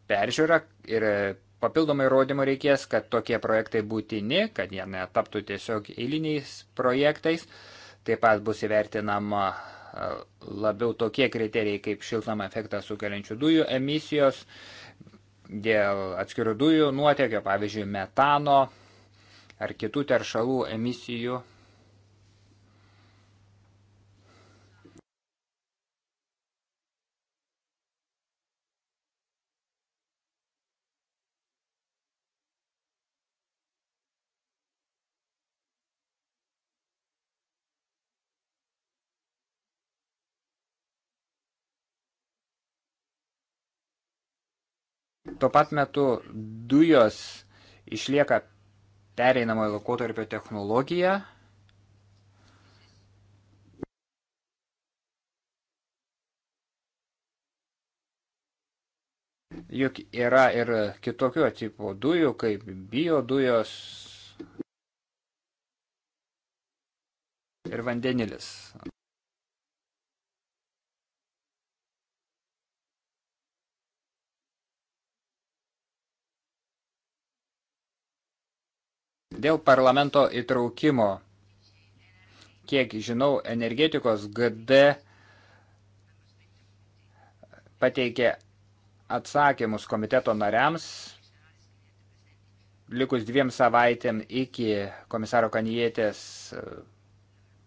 peržiūrą ir e, papildomai įrodymų reikės, kad tokie projektai būtini, kad jie netaptų tiesiog eiliniais projektais. Taip pat bus įvertinama e, labiau tokie kriterijai kaip šiltnamą efektą sukeliančių dujų emisijos, dėl atskirų dujų nuotėkio, pavyzdžiui, metano ar kitų teršalų emisijų Tuo pat metu dujos išlieka pereinamojo laikotarpio technologija. Juk yra ir kitokio tipo dujų, kaip biodujos ir vandenilis. Dėl parlamento įtraukimo, kiek žinau, energetikos GD pateikė atsakymus komiteto nariams, likus dviem savaitėm iki komisaro Kanijėtės e,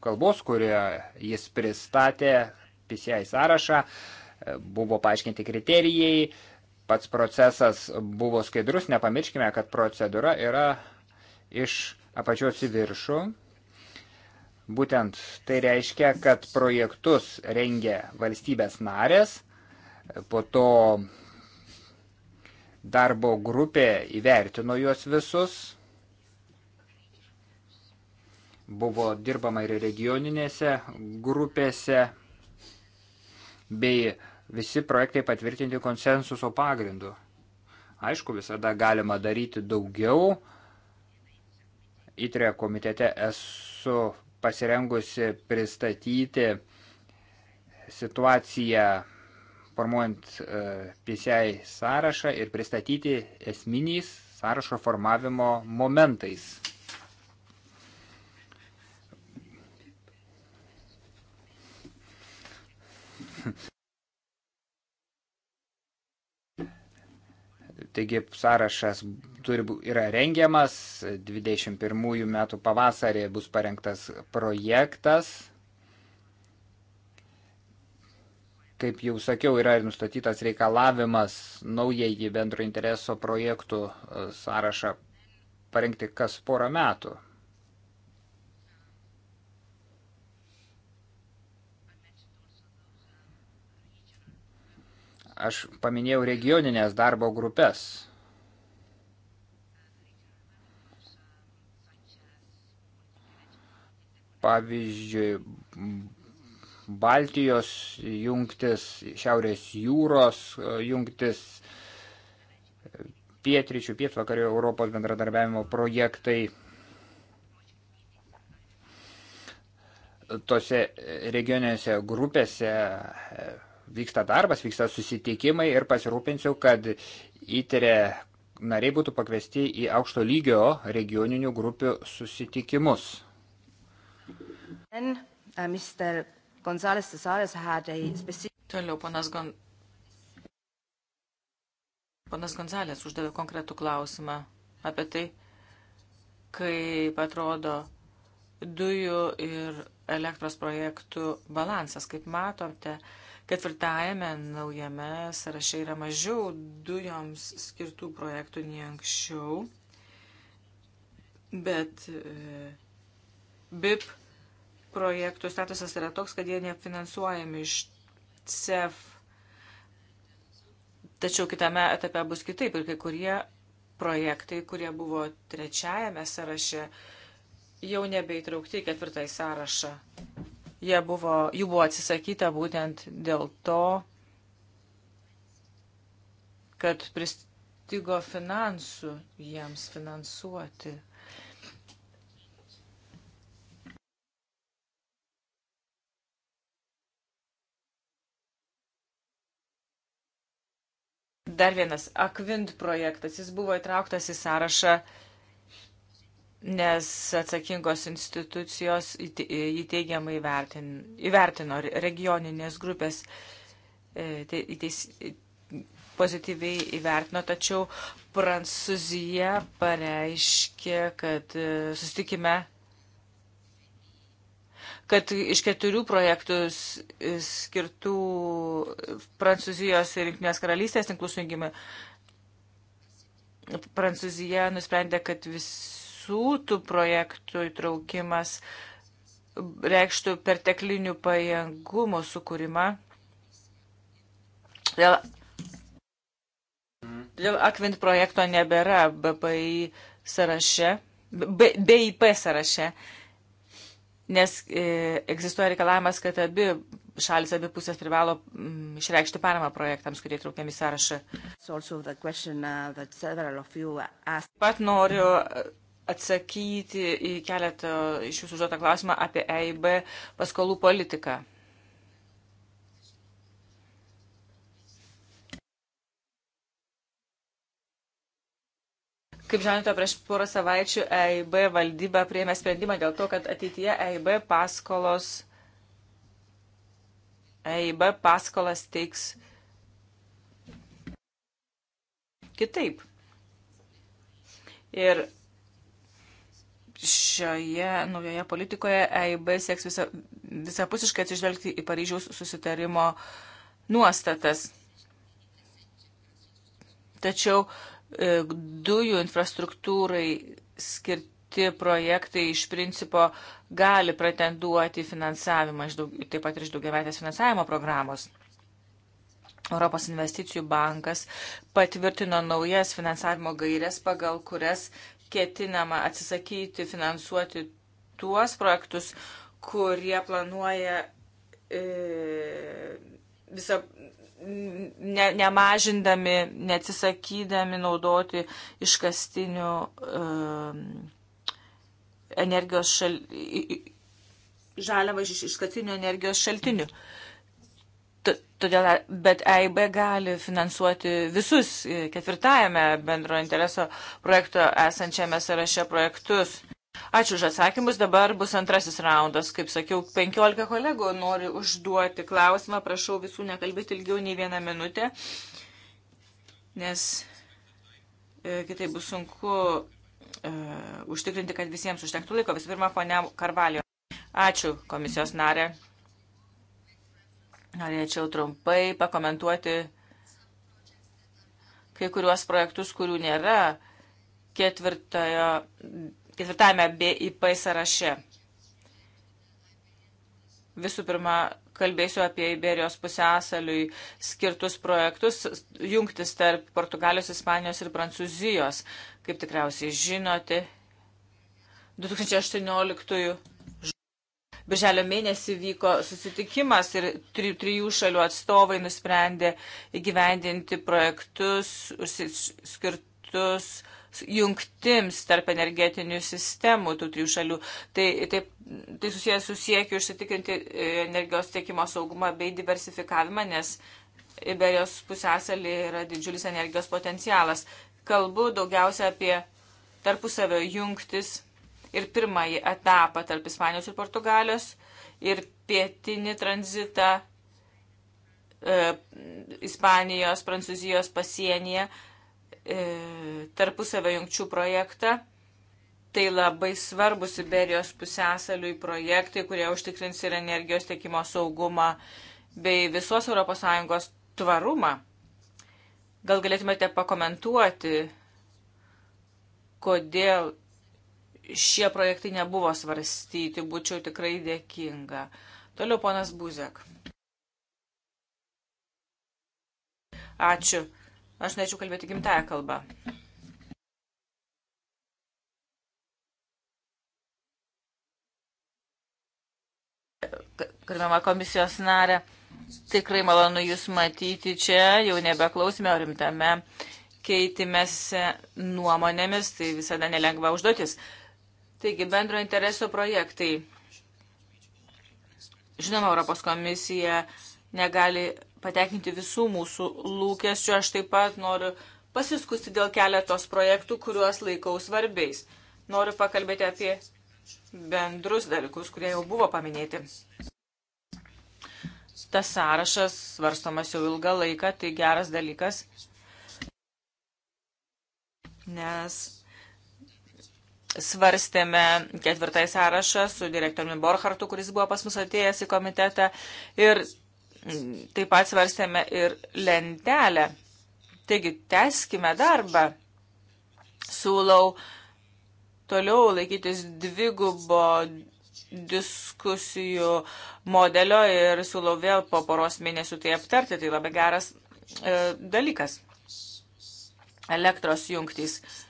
kalbos, kurio jis pristatė PCI sąrašą, e, buvo paaiškinti kriterijai, pats procesas buvo skaidrus, nepamirškime, kad procedūra yra iš apačios į viršų. Būtent tai reiškia, kad projektus rengia valstybės narės, po to darbo grupė įvertino juos visus, buvo dirbama ir regioninėse grupėse, bei visi projektai patvirtinti konsensuso pagrindu. Aišku, visada galima daryti daugiau, ITRE komitete esu pasirengusi pristatyti situaciją formuojant e, PCI sąrašą ir pristatyti esminiais sąrašo formavimo momentais. Taigi sąrašas turi, yra rengiamas, 21 metų pavasarį bus parengtas projektas. Kaip jau sakiau, yra nustatytas reikalavimas naujai bendro intereso projektų e, sąrašą parengti kas porą metų. Aš paminėjau regioninės darbo grupės. Pavyzdžiui, Baltijos jungtis, Šiaurės jūros e, jungtis, pietryčių, pietvakarių Europos bendradarbiavimo projektai. Tose regionėse grupėse e, vyksta darbas, vyksta susitikimai ir pasirūpinsiu, kad įtirė nariai būtų pakviesti į aukšto lygio regioninių grupių susitikimus. Then, uh, Toliau ponas, Gon... ponas Gonzalės uždavė konkretų klausimą apie tai, kaip atrodo dujų ir elektros projektų balansas. Kaip matote, uh, Ketvirtajame naujame sąraše yra mažiau dujoms skirtų projektų nei anksčiau, bet e, BIP projektų statusas yra toks, kad jie nefinansuojami iš CEF. Tačiau kitame etape bus kitaip ir kai kurie projektai, kurie buvo trečiajame sąraše, jau nebeįtraukti į ketvirtąjį sąrašą. Jie buvo, jų buvo atsisakyta būtent dėl to, kad pristigo finansų jiems finansuoti. Dar vienas Akvind projektas, jis buvo įtrauktas į sąrašą nes atsakingos institucijos jį teigiamai įvertino regioninės grupės e, teis, pozityviai įvertino, tačiau Prancūzija pareiškė, kad e, susitikime, kad iš keturių projektų skirtų Prancūzijos ir Junktinės karalystės tinklų sujungimui, Prancūzija nusprendė, kad visi visų tų projektų įtraukimas reikštų perteklinių pajėgumų sukūrimą. Dėl, dėl Akvint projekto nebėra BPI sąraše, B, BIP sąraše, nes e, egzistuoja reikalavimas, kad abi šalis, abi pusės privalo m, mm, išreikšti paramą projektams, kurie traukiami sąrašą. Uh, Taip pat noriu atsakyti į keletą iš jūsų užduotą klausimą apie EIB paskolų politiką. Kaip žinote, prieš porą savaičių EIB valdyba prieėmė sprendimą dėl to, kad ateityje EIB paskolos, EIB paskolas teiks kitaip. Ir šioje naujoje politikoje EIB sieks visa, visapusiškai atsižvelgti į Paryžiaus susitarimo nuostatas. Tačiau e, dujų infrastruktūrai skirti projektai iš principo gali pretenduoti finansavimą, daug, taip pat ir iš daugiametės finansavimo programos. Europos investicijų bankas patvirtino naujas finansavimo gairias, pagal kurias ketinama atsisakyti finansuoti tuos projektus, kurie planuoja e, visą ne, nemažindami, neatsisakydami naudoti iškastinių um, energijos šal... žaliavą iš iškastinių energijos šaltinių. Uh, Todėl, bet EIB gali finansuoti visus e, ketvirtajame bendro intereso projekto esančiame sąraše projektus. Ačiū už atsakymus. Dabar bus antrasis raundas. Kaip sakiau, 15 kolegų nori užduoti klausimą. Prašau visų nekalbėti ilgiau nei vieną minutę, nes e, kitaip bus sunku uh, užtikrinti, kad visiems užtektų laiko. Visų pirma, ponia Karvalio. Ačiū komisijos narė. Norėčiau trumpai pakomentuoti kai kuriuos projektus, kurių nėra ketvirtojo, ketvirtame BIP sąraše. Visų pirma, kalbėsiu apie Iberijos pusęsaliui skirtus projektus, jungtis tarp Portugalijos, Ispanijos ir Prancūzijos. Kaip tikriausiai žinote, 2018 Birželio mėnesį vyko susitikimas ir tri, trijų šalių atstovai nusprendė įgyvendinti projektus skirtus jungtims tarp energetinių sistemų tų trijų šalių. Tai, tai, tai susijęs su siekiu užsitikrinti e, energijos tiekimo saugumą bei diversifikavimą, nes Iberijos pusėsalį yra didžiulis energijos potencialas. Kalbu daugiausia apie tarpusavio jungtis ir pirmąjį etapą tarp Ispanijos ir Portugalijos ir pietinį tranzitą e, Ispanijos, Prancūzijos pasienyje e, tarpusavio jungčių projektą. Tai labai svarbus Iberijos pusėsaliui projektai, kurie užtikrins ir energijos tiekimo saugumą bei visos ES tvarumą. Gal galėtumėte pakomentuoti, kodėl šie projektai nebuvo svarstyti, būčiau tikrai dėkinga. Toliau ponas Buzek. Ačiū. Aš norėčiau kalbėti gimtają kalbą. Kalbama komisijos narė, tikrai malonu Jūs matyti čia, jau nebeklausime, o rimtame keitimėse nuomonėmis, tai visada nelengva užduotis. Taigi, bendro intereso projektai. Žinoma, Europos komisija negali patekinti visų mūsų lūkesčių. Aš taip pat noriu pasiskusti dėl keletos projektų, kuriuos laikau svarbiais. Noriu pakalbėti apie bendrus dalykus, kurie jau buvo paminėti. Tas sąrašas svarstomas jau ilgą laiką, tai geras dalykas, nes svarstėme ketvirtąjį sąrašą su direktoriumi Borhartu, kuris buvo pas mus atėjęs į komitetą. Ir taip pat svarstėme ir lentelę. Taigi, teskime darbą. Sūlau toliau laikytis dvigubo diskusijų modelio ir siūlau vėl po poros mėnesių tai aptarti. Tai labai geras e, dalykas. Elektros jungtys. E,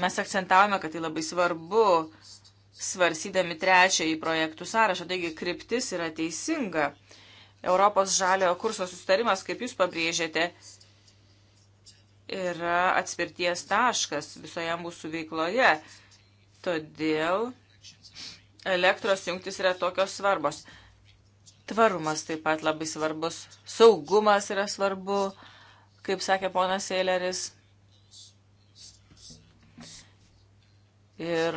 Mes akcentavome, kad tai labai svarbu, svarsydami trečiąjį projektų sąrašą, taigi kryptis yra teisinga. Europos žaliojo kurso sustarimas, kaip jūs pabrėžėte, yra atspirties taškas visoje mūsų veikloje. Todėl elektros jungtis yra tokios svarbos. Tvarumas taip pat labai svarbus. Saugumas yra svarbu, kaip sakė ponas Eileris. Ir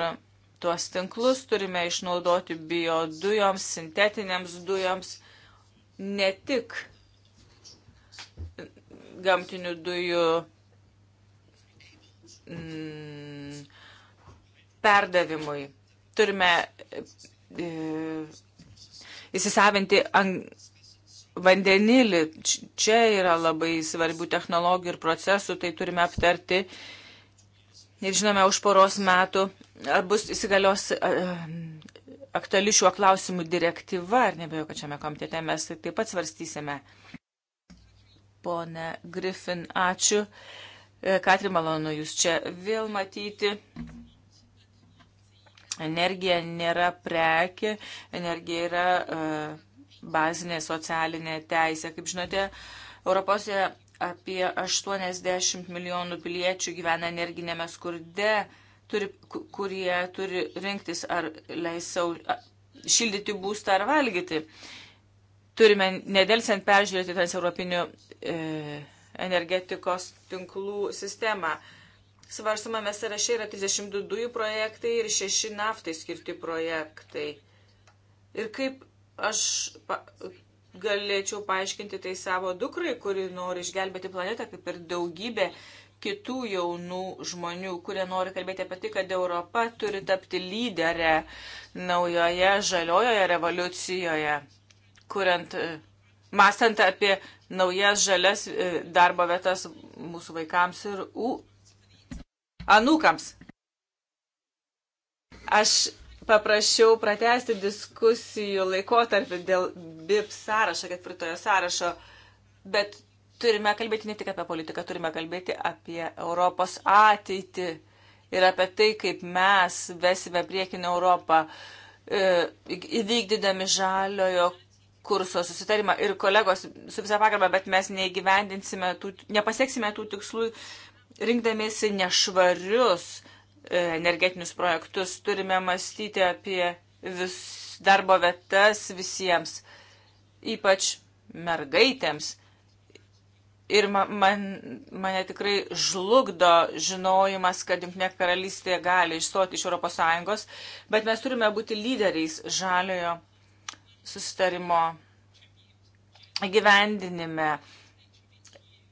tuos tinklus turime išnaudoti biodujoms, sintetinėms dujoms, ne tik gamtinių dujų mm, perdavimui. Turime e, įsisavinti ang, vandenilį. Čia yra labai svarbių technologijų ir procesų, tai turime aptarti Ir žinome, už poros metų, ar bus įsigalios aktuali šiuo klausimu direktyva, ar nebejoju, kad šiame komitete mes tai taip pat svarstysime. Pone Griffin, ačiū. E, Katri malonu jūs čia vėl matyti. Energija nėra prekė, energija yra uh, bazinė socialinė teisė. Kaip žinote, Europose apie 80 milijonų piliečių gyvena energinėme skurde, turi, kurie turi rinktis ar leisau šildyti būstą ar valgyti. Turime nedelsiant peržiūrėti transeuropinių e, energetikos tinklų sistemą. Svarstumame sąraše yra 32 dujų projektai ir 6 naftai skirti projektai. Ir kaip aš galėčiau paaiškinti tai savo dukrai, kuri nori išgelbėti planetą, kaip ir daugybė kitų jaunų žmonių, kurie nori kalbėti apie tai, kad Europa turi tapti lyderę naujoje žaliojoje revoliucijoje, kuriant, e, mąstant apie naujas žalias e, darbo vietas mūsų vaikams ir u... anūkams. Aš paprašiau pratesti diskusijų laikotarpį dėl BIP sąrašo, ketvirtojo sąrašo, bet turime kalbėti ne tik apie politiką, turime kalbėti apie Europos ateitį ir apie tai, kaip mes vesime priekinę Europą e, įvykdydami žaliojo kurso susitarimą. Ir kolegos, su visą pagarbą, bet mes neįgyvendinsime, tų, nepasieksime tų tikslų rinkdamiesi nešvarius E, energetinius projektus, turime mąstyti apie vis, darbo vietas visiems, ypač mergaitėms. Ir man, man, mane tikrai žlugdo žinojimas, kad Junktinė karalystė gali išstoti iš ES, bet mes turime būti lyderiais žaliojo sustarimo gyvendinime. Uh,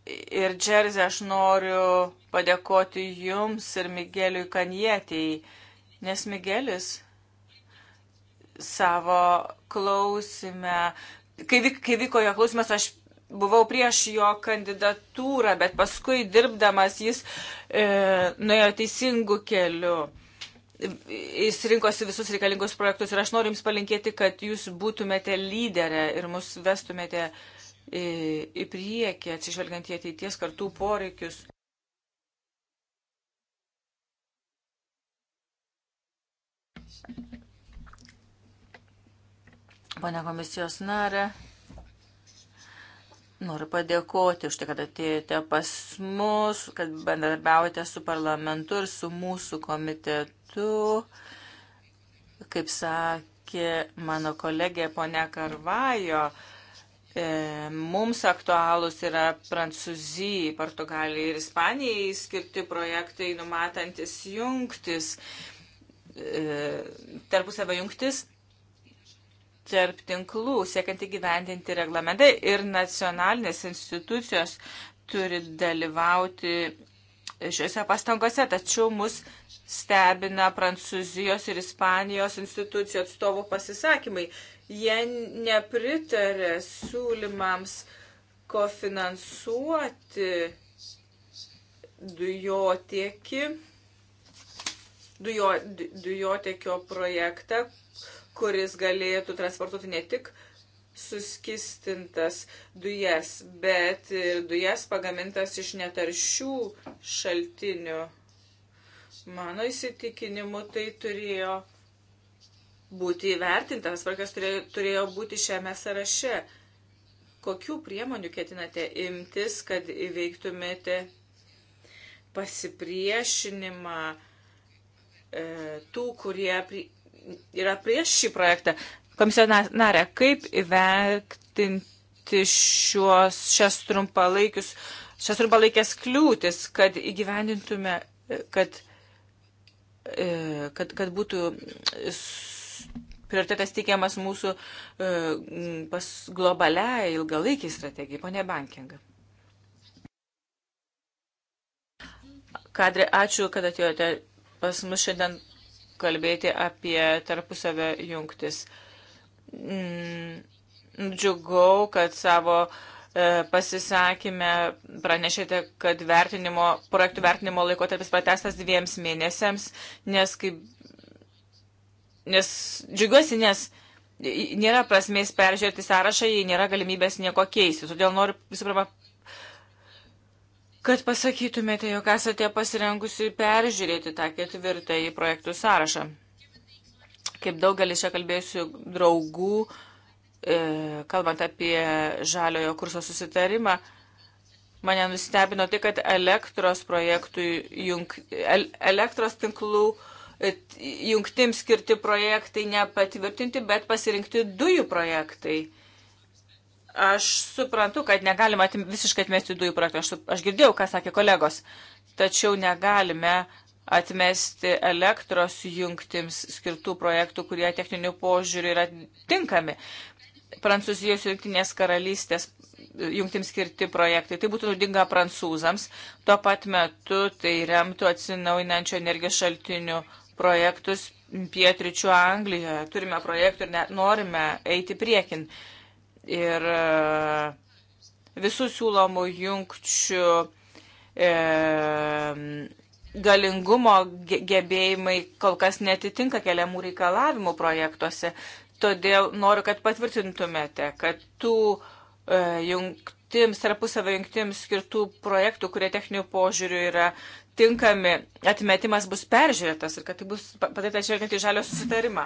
Ir Džerzė, aš noriu padėkoti Jums ir Migeliui Kanietijai, nes Migelis savo klausime, kai, kai vyko jo klausimas, aš buvau prieš jo kandidatūrą, bet paskui dirbdamas jis e, nuėjo teisingu keliu. Jis rinkosi visus reikalingus projektus ir aš noriu Jums palinkėti, kad Jūs būtumėte lyderė ir mus vestumėte į priekį, atsižvelgiant į ateities kartų poreikius. Pone komisijos narė, noriu padėkoti už tai, kad atėjote pas mus, kad bendarbiavote su parlamentu ir su mūsų komitetu. Kaip sakė mano kolegė ponia Karvajo, E, mums aktualūs yra Prancūzijai, Portugalijai ir Ispanijai skirti projektai numatantis jungtis, e, tarpusavio jungtis tarp tinklų, siekiant įgyvendinti reglamentai ir nacionalinės institucijos turi dalyvauti šiuose pastangose, tačiau mus stebina Prancūzijos ir Ispanijos institucijų atstovų pasisakymai. Jie nepritarė siūlymams kofinansuoti dujotiekį, dujo, dujotiekio projektą, kuris galėtų transportuoti ne tik suskistintas dujas, bet ir dujas pagamintas iš netaršių šaltinių. Mano įsitikinimu tai turėjo būti įvertintas, vargas turėjo, turėjo būti šiame sąraše. Kokių priemonių ketinate imtis, kad įveiktumėte pasipriešinimą e, tų, kurie pri, yra prieš šį projektą? Komisionarė, kaip įvertinti šios, šias trumpalaikius, šias trumpalaikės kliūtis, kad įgyvendintume, kad, e, kad, kad būtų prioritetas teikiamas mūsų e, pas globaliai ilgalaikiai strategijai, ponė Bankinga. Kadri, ačiū, kad atėjote pas mus šiandien kalbėti apie tarpusavę jungtis. Mm, džiugau, kad savo e, pasisakymę pranešėte, kad vertinimo, projektų vertinimo laikotarpis pratestas dviems mėnesiams, nes kaip Nes džiugiuosi, nes nėra prasmės peržiūrėti sąrašą, jei nėra galimybės nieko keisti. Todėl noriu visų pirma, kad pasakytumėte, jog esate pasirengusi peržiūrėti tą ketvirtąjį projektų sąrašą. Kaip daugelis čia kalbėjusių draugų, e, kalbant apie žaliojo kurso susitarimą, mane nustebino tai, kad elektros projektų, elektros tinklų uh, E, jungtims skirti projektai nepatvirtinti, bet pasirinkti dujų projektai. Aš suprantu, kad negalima atim, visiškai atmesti dujų projektų. Aš, aš girdėjau, ką sakė kolegos, tačiau negalime atmesti elektros jungtims skirtų projektų, kurie techninių požiūrių yra tinkami. Prancūzijos jungtinės karalystės e, jungtims skirti projektai. Tai būtų naudinga prancūzams. Tuo pat metu tai remtų atsinaujinančio energijos šaltinių projektus pietričių Anglijoje. Turime projektų ir net norime eiti priekin. Ir e, visų siūlomų jungčių e, galingumo gebėjimai kol kas netitinka keliamų reikalavimų projektuose. Todėl noriu, kad patvirtintumėte, kad tų e, jungtims, tarpusavio jungtims skirtų projektų, kurie techninių požiūrių yra tinkami atmetimas bus peržiūrėtas ir kad tai bus padaryta atsižvelgiant į žalio susitarimą.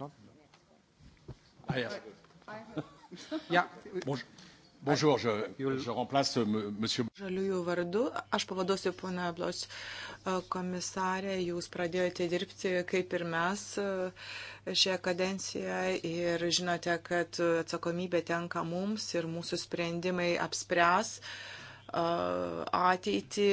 No? Ah, ja. ja. Bonjour. Bonjour, je, je remplace euh, monsieur. Žaliųjų vardu, aš pavaduosiu pana Bloč e, komisarė, jūs pradėjote dirbti kaip ir mes e, šią kadenciją ir žinote, kad atsakomybė tenka mums ir mūsų sprendimai apspręs e, ateitį,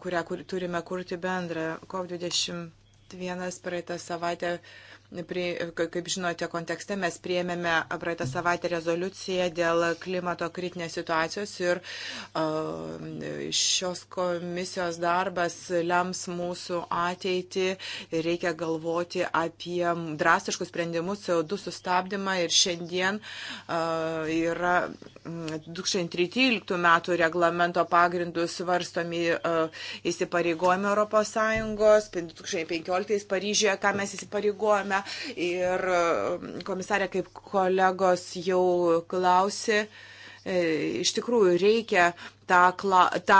kurią kur, turime kurti bendrą. COP21 praeitą savaitę uh, Kaip žinote, kontekste mes prieėmėme praeitą savaitę rezoliuciją dėl klimato kritinės situacijos ir šios komisijos darbas lems mūsų ateitį. Reikia galvoti apie drastiškus sprendimus, CO2 sustabdymą ir šiandien yra 2013 metų reglamento pagrindų svarstomi įsipareigojimai ES, 2015 Paryžioje, ką mes įsipareigojame planą. Ir e, komisarė, kaip kolegos jau klausė, e, iš tikrųjų reikia tą, tą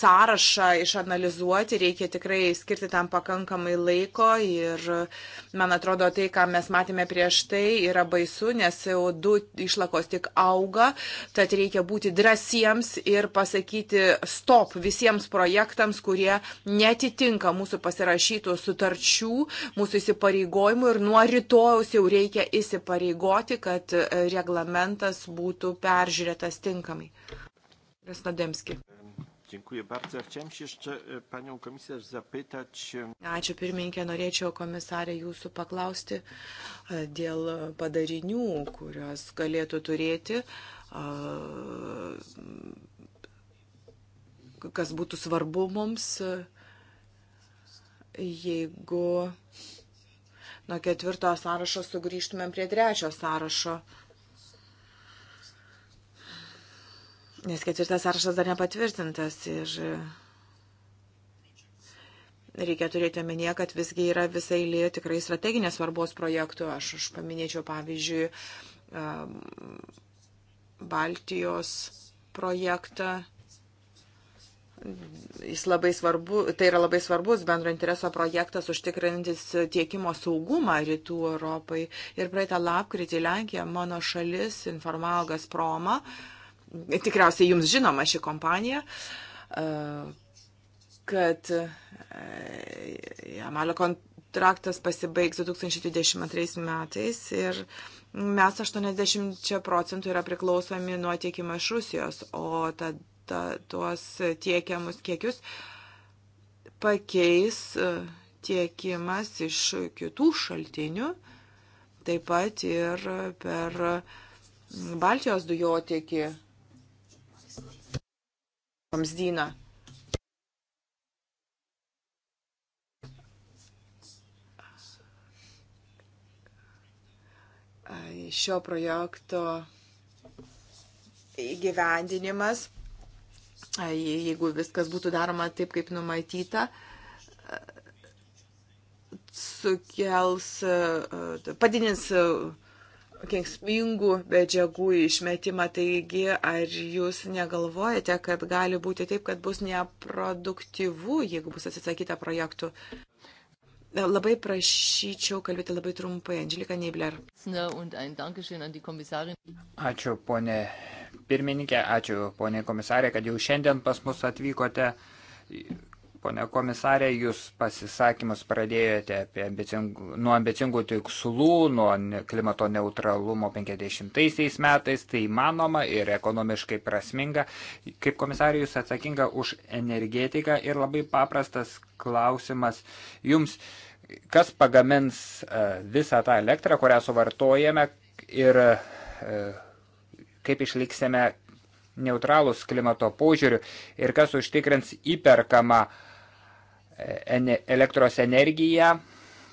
sąrašą išanalizuoti, reikia tikrai skirti tam pakankamai laiko ir man atrodo tai, ką mes matėme prieš tai, yra baisu, nes CO2 išlakos tik auga, tad reikia būti drąsiems ir pasakyti stop visiems projektams, kurie netitinka mūsų pasirašytų sutarčių, mūsų įsipareigojimų ir nuo rytojaus jau reikia įsipareigoti, kad e, reglamentas būtų peržiūrėtas tinkamai. Vesnodemski. Dziękuję bardzo. Chciałem się jeszcze e, panią komisarz zapytać. E, Ačiū pirmininkė, norėčiau komisarė jūsų paklausti e, dėl padarinių, kurios galėtų turėti kas būtų svarbu mums, jeigu nuo ketvirto sąrašo sugrįžtumėm prie trečio sąrašo. Uh, nes ketvirtas sąrašas dar nepatvirtintas ir reikia turėti omenyje, kad visgi yra visai lė tikrai strateginės svarbos projektų. Aš, aš paminėčiau pavyzdžiui um, Baltijos projektą jis labai svarbu, tai yra labai svarbus bendro intereso projektas užtikrintis tiekimo saugumą rytų Europai. Ir praeitą lapkritį Lenkija, mano šalis, informavo Gazpromą, uh, tikriausiai jums žinoma ši kompanija, e, kad e, Jamalio kontraktas pasibaigs 2022 metais ir mes 80 procentų yra priklausomi nuo tiekimo iš Rusijos, o tada tuos tiekiamus kiekius pakeis e, tiekimas iš kitų šaltinių, taip pat ir per Baltijos dujotiekį vamzdyną. Šio projekto įgyvendinimas, jeigu viskas būtų daroma taip, kaip numatyta, sukels, padidins kenksmingų medžiagų išmetimą. Taigi, ar jūs negalvojate, kad gali būti taip, kad bus neproduktyvu, jeigu bus atsisakyta projektų? Labai prašyčiau kalbėti labai trumpai. Angelika Neibler. Ačiū, ponė pirmininkė, ačiū, ponė komisarė, kad jau šiandien pas mus atvykote. Pone komisarė, jūs pasisakymus pradėjote apie ambicingų, nuo ambicingų tikslų, nuo klimato neutralumo 50-aisiais metais, tai manoma ir ekonomiškai prasminga. Kaip komisarė, jūs atsakinga už energetiką ir labai paprastas klausimas jums, kas pagamins e, visą tą elektrą, kurią suvartojame ir e, kaip išliksime neutralūs klimato požiūriu ir kas užtikrins įperkamą uh, elektros energiją.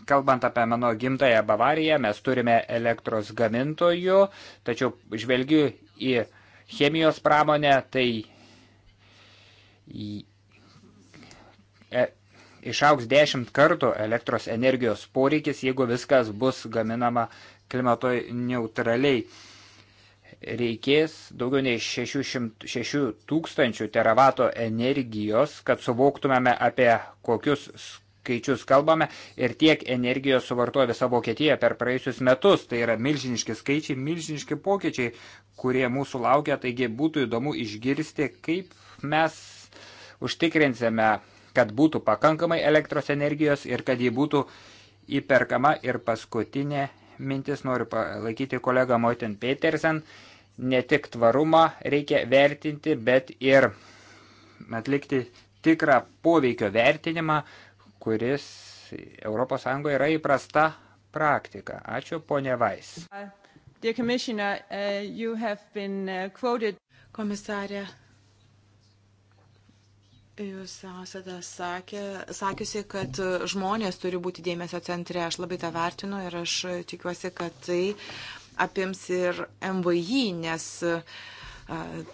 Kalbant apie mano gimtają Bavariją, mes turime elektros gamintojų, tačiau žvelgiu į chemijos pramonę, tai e, išauks dešimt kartų elektros energijos poreikis, jeigo viskas bus gaminama klimato neutraliai reikės daugiau nei 600, 6 tūkstančių teravato energijos, kad suvoktumėme apie kokius skaičius kalbame ir tiek energijos suvartoja visa Vokietija per praėjusius metus. Tai yra milžiniški skaičiai, milžiniški pokyčiai, kurie mūsų laukia, taigi būtų įdomu išgirsti, kaip mes užtikrinsime, kad būtų pakankamai elektros energijos ir kad ji būtų įperkama ir paskutinė mintis noriu palaikyti kolegą Moitin Petersen ne tik tvarumą reikia vertinti, bet ir atlikti tikrą poveikio vertinimą, kuris ES yra įprasta praktika. Ačiū, ponė Vais. Uh, uh, Komisarė, Jūs esate sakė, sakiusi, kad žmonės turi būti dėmesio centre. Aš labai tą vertinu ir aš tikiuosi, kad tai uh, apims ir MVI, nes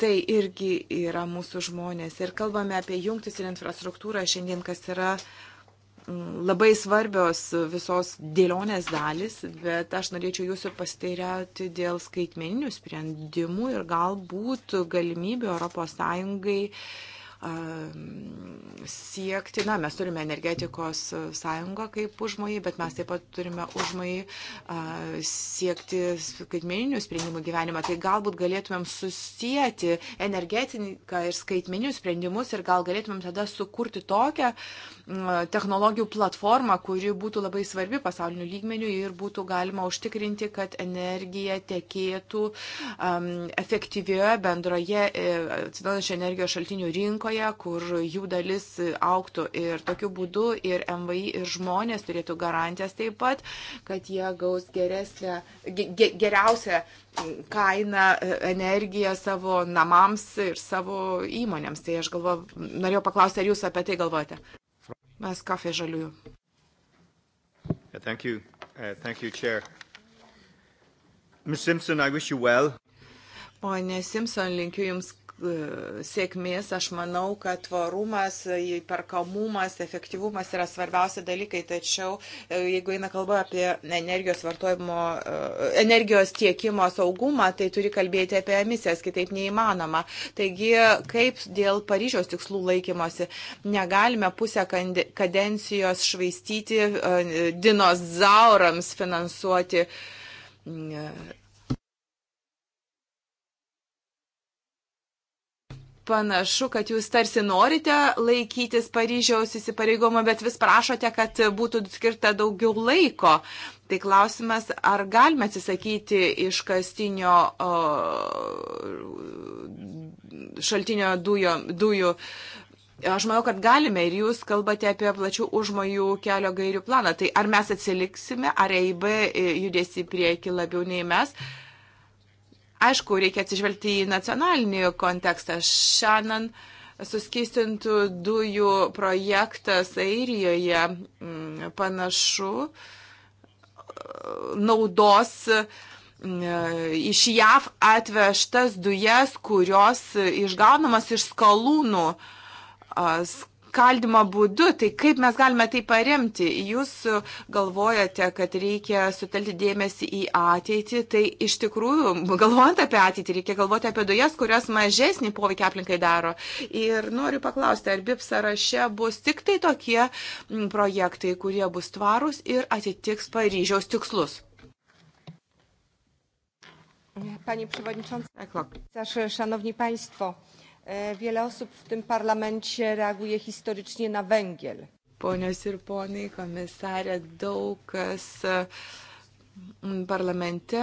tai irgi yra mūsų žmonės. Ir kalbame apie jungtis ir infrastruktūrą šiandien, kas yra labai svarbios visos dėlionės dalis, bet aš norėčiau jūsų pasteiriauti dėl skaitmeninių sprendimų ir galbūt galimybių ES siekti, na, mes turime energetikos sąjungą kaip užmojį, bet mes taip pat turime užmojį siekti skaitmeninių sprendimų gyvenimą. Tai galbūt galėtumėm susijęti energetiką ir skaitmeninius sprendimus ir gal galėtumėm tada sukurti tokią technologijų platformą, kuri būtų labai svarbi pasauliniu lygmeniu ir būtų galima užtikrinti, kad energija tekėtų um, efektyvioje bendroje e, atsinaujinančio energijos šaltinių rinkoje ekonomikoje, kur jų dalis auktų ir tokiu būdu ir MVI, ir žmonės turėtų garantijas taip pat, kad jie gaus geresnę, ge, geriausią kainą energiją savo namams ir savo įmonėms. Tai aš galvoju, norėjau paklausti, ar jūs apie tai galvojate? Mes kafė žaliųjų. Yeah, thank you. Uh, thank you, Chair. Ms. Simpson, I wish you well. Pone Simpson, linkiu Jums E, sėkmės, aš manau, kad tvarumas, e, įperkamumas, efektyvumas yra svarbiausia dalykai, tačiau e, jeigu eina kalba apie energijos vartojimo, energijos tiekimo saugumą, tai turi kalbėti apie emisijas, kitaip neįmanoma. Taigi, kaip dėl Paryžiaus tikslų laikymosi, negalime pusę kadencijos švaistyti dinozaurams finansuoti panašu, kad jūs tarsi norite laikytis Paryžiaus įsipareigomo, bet vis prašote, kad būtų skirta daugiau laiko. Tai klausimas, ar galime atsisakyti iš kastinio o, šaltinio dujo, dujų. Aš manau, kad galime ir jūs kalbate apie plačių užmojų kelio gairių planą. Tai ar mes atsiliksime, ar EIB judės į priekį labiau nei mes? Uh, Aišku, reikia atsižvelgti į nacionalinį kontekstą. Šiandien suskistintų dujų projektas Airijoje mm, panašu e, naudos e, iš JAV atvežtas dujas, kurios išgaunamas iš skalūnų e, skaldimo būdu, tai kaip mes galime tai paremti? Jūs galvojate, kad reikia sutelti dėmesį į ateitį, tai iš tikrųjų, galvojant apie ateitį, reikia galvoti apie dujas, kurios mažesnį poveikį aplinkai daro. Ir noriu paklausti, ar BIP sąraše bus tik tai tokie mm, projektai, kurie bus tvarūs ir atitiks Paryžiaus tikslus? Panie Przewodniczący, Szanowni Państwo, E, wiele osób w tym parlamencie reaguje historycznie na węgiel. Ponios ir ponai, komisarė, daug kas mm, parlamente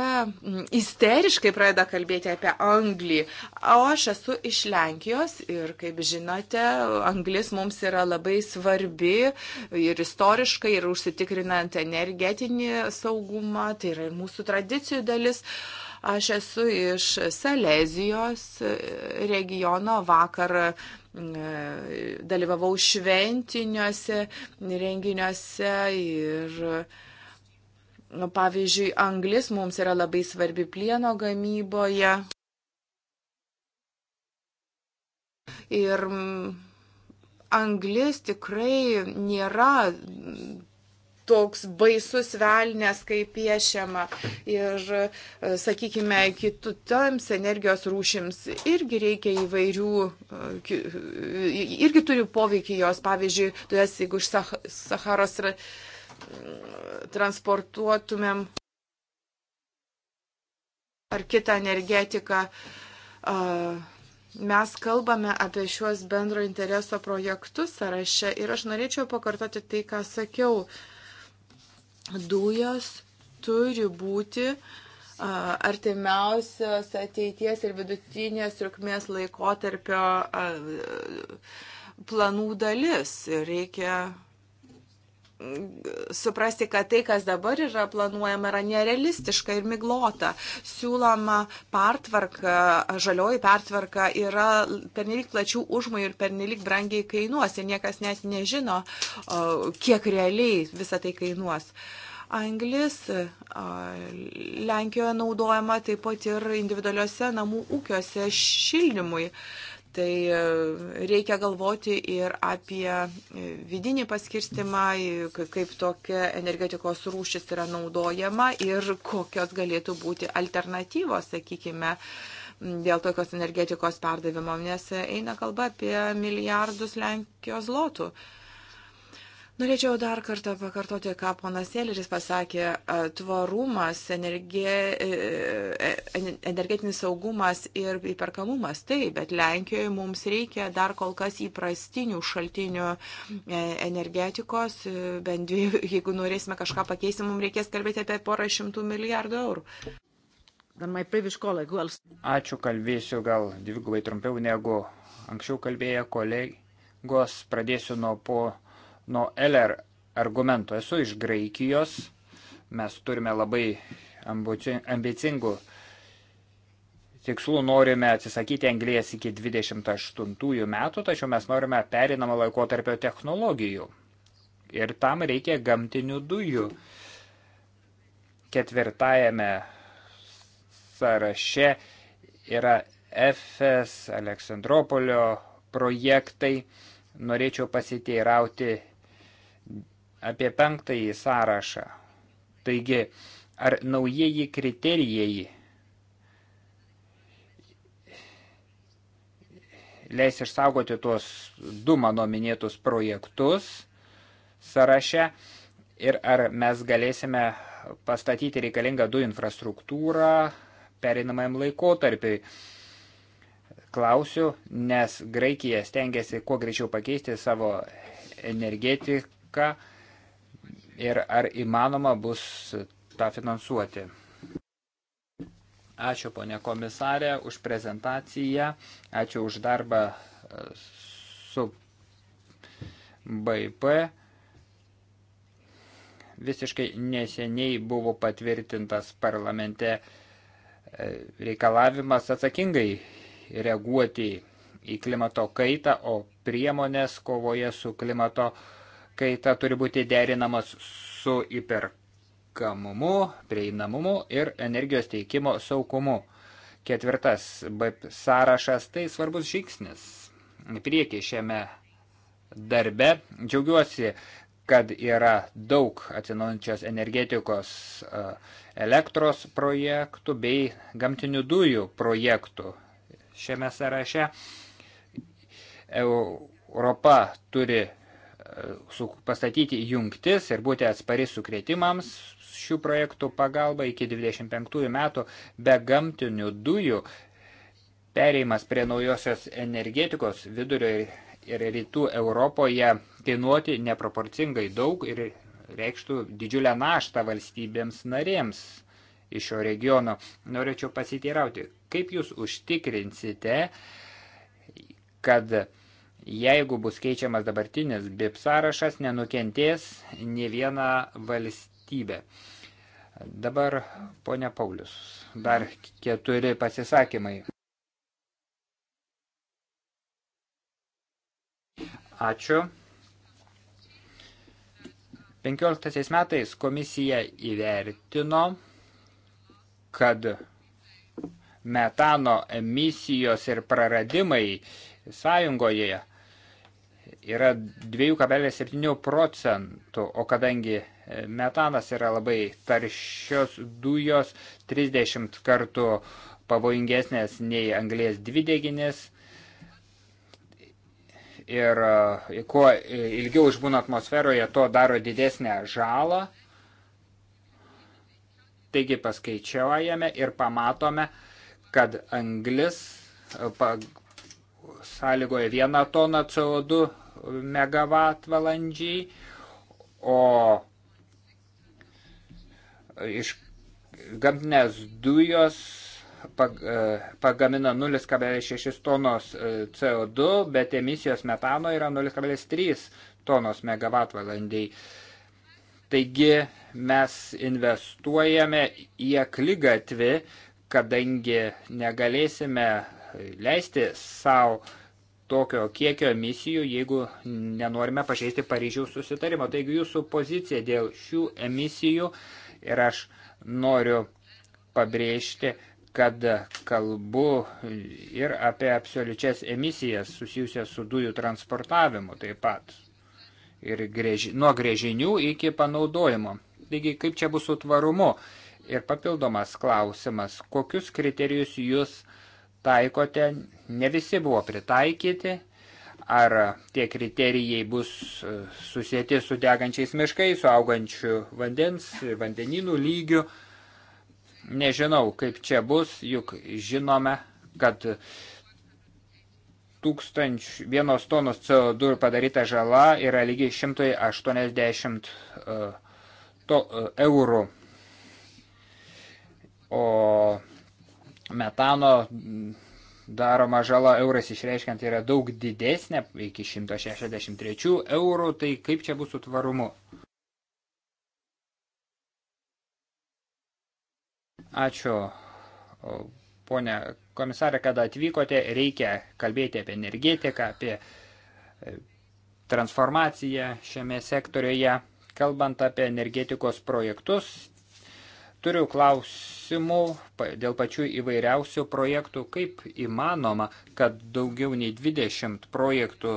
mm, isteriškai pradeda kalbėti apie anglį. O aš esu iš Lenkijos ir, kaip žinote, anglis mums yra labai svarbi ir istoriškai, ir užsitikrinant energetinį saugumą, tai yra ir mūsų tradicijų dalis. Uh, Aš esu iš Salezijos e, regiono vakar e, dalyvavau šventiniuose renginiuose ir nu, pavyzdžiui, anglis mums yra labai svarbi plieno gamyboje. Ir anglis tikrai nėra toks baisus velnės, kaip piešiama. Ir, e, sakykime, kitams energijos rūšims irgi reikia įvairių, e, irgi turi poveikį jos, pavyzdžiui, tu esi, jeigu iš Saharos mm, transportuotumėm ar kitą energetiką. Uh, mes kalbame apie šiuos bendro intereso projektus sąraše ir aš norėčiau pakartoti tai, ką sakiau. Uh, dujos turi būti artimiausios ateities ir vidutinės trukmės laikotarpio planų dalis. Reikia suprasti, kad tai, kas dabar yra planuojama, yra nerealistiška ir miglota. Siūloma pertvarka, žalioji pertvarka yra pernelik plačių užmojų ir pernelik brangiai kainuos ir niekas net nežino, kiek realiai visą tai kainuos. Anglis Lenkijoje naudojama taip pat ir individualiuose namų ūkiuose šildymui. Uh, Tai e, reikia galvoti ir apie e, vidinį paskirstimą, kaip tokia energetikos rūšis yra naudojama ir kokios galėtų būti alternatyvos, sakykime, dėl tokios energetikos perdavimo, nes eina kalba apie milijardus Lenkijos lotų. Uh, Norėčiau dar kartą pakartoti, ką ponas Sėleris pasakė. Tvarumas, energie, e, energetinis saugumas ir įperkamumas. Taip, bet Lenkijoje mums reikia dar kol kas įprastinių šaltinių e, energetikos. E, bent dviejų, [laughs] jeigu norėsime kažką pakeisti, mums reikės kalbėti apie porą šimtų milijardų eurų. Ačiū, kalbėsiu gal dvigubai trumpiau negu anksčiau kalbėję kolegos. Pradėsiu nuo po nuo LR argumento. Esu iš Graikijos, mes turime labai ambicingų tikslų, norime atsisakyti anglės iki 28 metų, tačiau mes norime perinamą laikotarpio technologijų. Ir tam reikia gamtinių dujų. Ketvirtajame sąraše yra FS, Aleksandropolio projektai. Norėčiau pasiteirauti apie penktąjį sąrašą. Taigi, ar naujieji kriterijai leis išsaugoti tuos du mano minėtus projektus sąraše ir ar mes galėsime pastatyti reikalingą du infrastruktūrą pereinamajam laikotarpiui. Klausiu, nes Graikija stengiasi kuo greičiau pakeisti savo energetiką ir ar įmanoma bus tą finansuoti. Ačiū ponė komisarė už prezentaciją, ačiū už darbą e, su BIP. Visiškai neseniai buvo patvirtintas parlamente e, reikalavimas atsakingai reaguoti į klimato kaitą, o priemonės kovoje su klimato kaita kaita turi būti derinamas su įperkamumu, prieinamumu ir energijos teikimo saukumu. Ketvirtas BIP sąrašas tai svarbus žingsnis. Priekį šiame darbe džiaugiuosi, kad yra daug atsinaujančios energetikos e, elektros projektų bei gamtinių dujų projektų šiame sąraše. Europa turi pastatyti jungtis ir būti atspari sukretimams šių projektų pagalba iki 25 metų be gamtinių dujų pereimas prie naujosios energetikos vidurio ir, ir rytų Europoje kainuoti neproporcingai daug ir reikštų didžiulę naštą valstybėms narėms iš šio regiono. Norėčiau pasiteirauti, kaip jūs užtikrinsite, kad Jeigu bus keičiamas dabartinis BIP sąrašas, nenukentės ne viena valstybė. Dabar, ponia Paulius, dar keturi pasisakymai. Ačiū. 15 metais komisija įvertino, kad metano emisijos ir praradimai sąjungoje yra 2,7 procentų, o kadangi e, metanas yra labai taršios dujos, 30 kartų pavojingesnės nei anglės dvideginis. Ir e, kuo e, ilgiau išbūna atmosferoje, to daro didesnę žalą. Taigi paskaičiuojame ir pamatome, kad anglis sąlygoja vieną toną CO2, megavatvalandžiai, o iš gamtinės dujos e, pagamina 0,6 tonos e, CO2, bet emisijos metano yra 0,3 tonos megavatvalandai. Taigi mes investuojame į aklygatvį, kadangi negalėsime leisti savo tokio kiekio emisijų, jeigu nenorime pažeisti Paryžiaus susitarimo. Taigi jūsų pozicija dėl šių emisijų ir aš noriu pabrėžti, kad kalbu ir apie absoliučias emisijas susijusias su dujų transportavimu taip pat. Ir grėži, nuo grėžinių iki panaudojimo. Taigi, kaip čia bus su tvarumu? Ir papildomas klausimas, kokius kriterijus jūs uh, taikote, ne visi buvo pritaikyti, ar tie kriterijai bus e, susijęti su degančiais miškais, su augančiu vandens, vandeninų lygiu. Nežinau, kaip čia bus, juk žinome, kad tūkstančių, vienos tonos CO2 padaryta žala yra lygiai 180 uh, e, to, uh, eurų. O metano daroma žala eurais išreiškiant yra daug didesnė, iki 163 eurų, tai kaip čia bus su tvarumu? Ačiū, ponė komisarė, kad atvykote, reikia kalbėti apie energetiką, apie e, transformaciją šiame sektoriuje. Kalbant apie energetikos projektus, Turiu klausimų dėl pačių įvairiausių projektų, kaip įmanoma, kad daugiau nei 20 projektų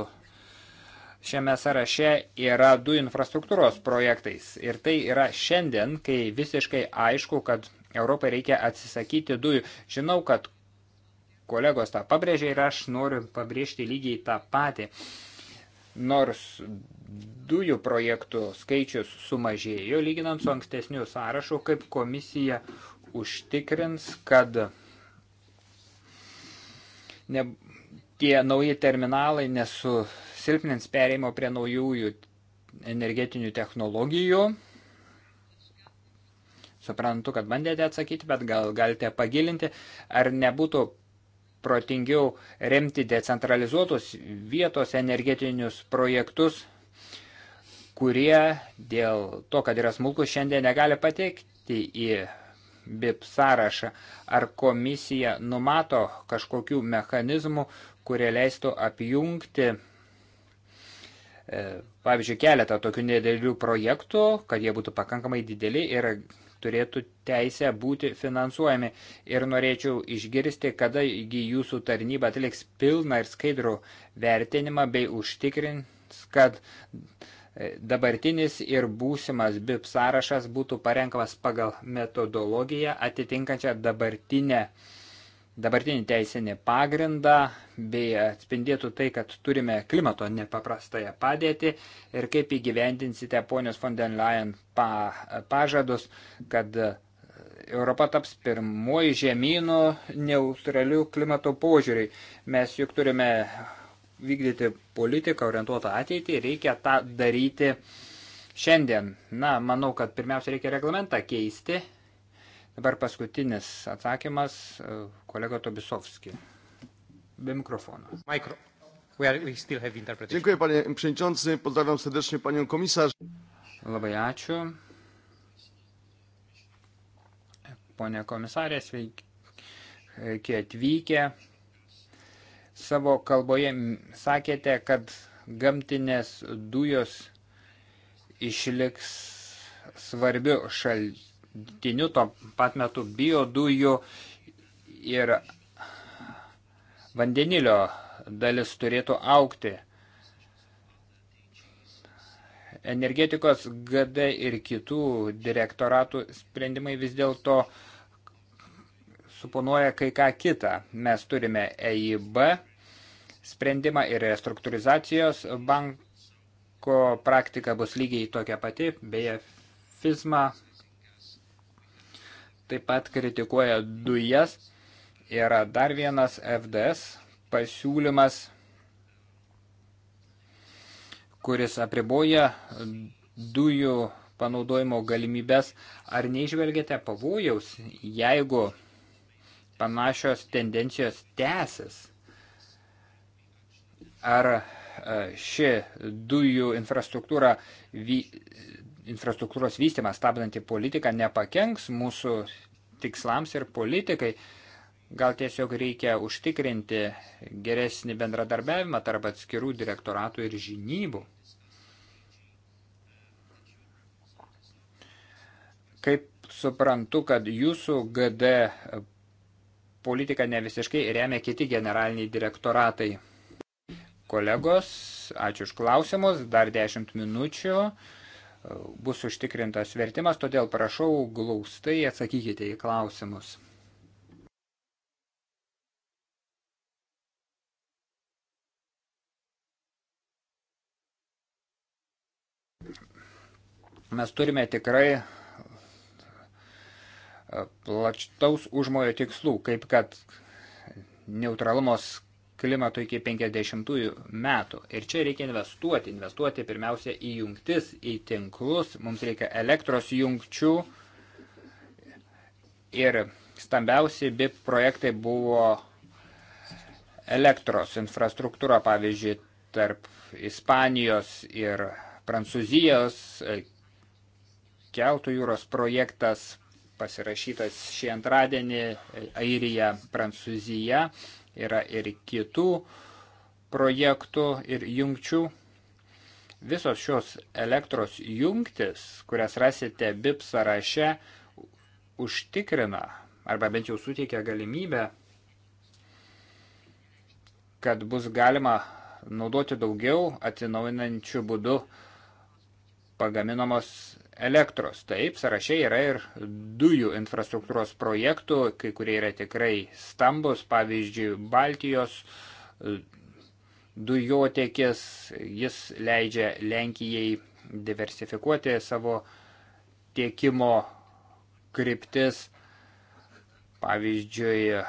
šiame sąraše yra du infrastruktūros projektais. Ir tai yra šiandien, kai visiškai aišku, kad Europai reikia atsisakyti dujų. Žinau, kad kolegos tą pabrėžė ir aš noriu pabrėžti lygiai tą patį. Uh, Nors dujų projektų skaičius sumažėjo lyginant su ankstesniu sąrašu, kaip komisija užtikrins, kad ne, tie nauji terminalai nesusilpnins pereimo prie naujųjų energetinių technologijų. Suprantu, kad bandėte atsakyti, bet gal galite pagilinti, ar nebūtų protingiau remti decentralizuotus vietos energetinius projektus, kurie dėl to, kad yra smulkus, šiandien negali patekti į BIP sąrašą. Ar komisija numato kažkokių mechanizmų, kurie leistų apjungti, e, pavyzdžiui, keletą tokių nedėlių projektų, kad jie būtų pakankamai dideli ir turėtų teisę būti finansuojami. Ir norėčiau išgirsti, kada jūsų tarnyba atliks pilną ir skaidrų vertinimą bei užtikrins, kad e, dabartinis ir būsimas BIP sąrašas būtų parenkamas pagal metodologiją atitinkančią dabartinę uh, dabartinį teisinį pagrindą bei atspindėtų tai, kad turime klimato nepaprastąją padėtį ir kaip įgyvendinsite ponios von den Leyen pa, pažadus, kad Europa taps pirmoji žemynų neutralių klimato požiūriai. Mes juk turime vykdyti politiką orientuotą ateitį, reikia tą daryti šiandien. Na, manau, kad pirmiausia reikia reglamentą keisti, Dabar paskutinis atsakymas e, kolega Tobisovski. Be mikrofonu. Mikro. We are, we still have interpretation. Dziękuję panie przewodniczący, pozdrawiam serdecznie panią komisarz. Labai ačiū. Pone komisarė, sveiki atvykę. Savo kalboje sakėte, kad gamtinės dujos išliks svarbiu šaltiniu dinių, tuo pat metu biodujų ir vandenilio dalis turėtų aukti. Energetikos GD ir kitų direktoratų sprendimai vis dėlto suponuoja kai ką kitą. Mes turime EIB sprendimą ir restruktūrizacijos banko praktika bus lygiai tokia pati, beje, FISMA taip pat kritikuoja dujas. Yra dar vienas FDS pasiūlymas, kuris apriboja dujų panaudojimo galimybės. Ar neižvelgėte pavojaus, jeigu panašios tendencijos tęsis? Ar e, ši dujų infrastruktūra infrastruktūros vystymą stabdanti politika nepakenks mūsų tikslams ir politikai. Gal tiesiog reikia užtikrinti geresnį bendradarbiavimą tarp atskirų direktoratų ir žinybų. Kaip suprantu, kad jūsų GD politiką ne visiškai remia kiti generaliniai direktoratai. Kolegos, ačiū už klausimus, dar 10 minučių bus užtikrintas vertimas, todėl prašau glaustai atsakykite į klausimus. Mes turime tikrai plačtaus užmojo tikslų, kaip kad neutralumo klimato iki 50 metų. Ir čia reikia investuoti. Investuoti pirmiausia į jungtis, į tinklus. Mums reikia elektros jungčių. Ir stambiausi BIP projektai buvo elektros infrastruktūra, pavyzdžiui, tarp Ispanijos ir Prancūzijos keltų jūros projektas pasirašytas šį antradienį Airija, Prancūzija yra ir kitų projektų ir jungčių. Visos šios elektros jungtis, kurias rasite BIP sąraše, užtikrina arba bent jau suteikia galimybę, kad bus galima naudoti daugiau atsinaujinančių būdų pagaminamos elektros. Taip, sąrašai yra ir dujų infrastruktūros projektų, kai kurie yra tikrai stambus, pavyzdžiui, Baltijos e, dujotiekis, jis leidžia Lenkijai diversifikuoti savo tiekimo kryptis, pavyzdžiui,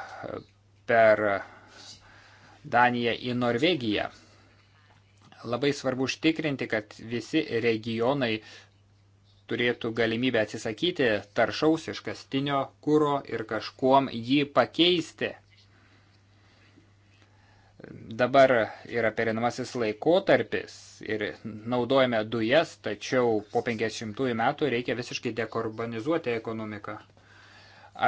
per Daniją į Norvegiją. Labai svarbu užtikrinti, kad visi regionai turėtų galimybę atsisakyti taršaus iškastinio kūro ir kažkuom jį pakeisti. Dabar yra perinamasis laikotarpis ir naudojame dujas, tačiau po 50 metų reikia visiškai dekarbonizuoti ekonomiką.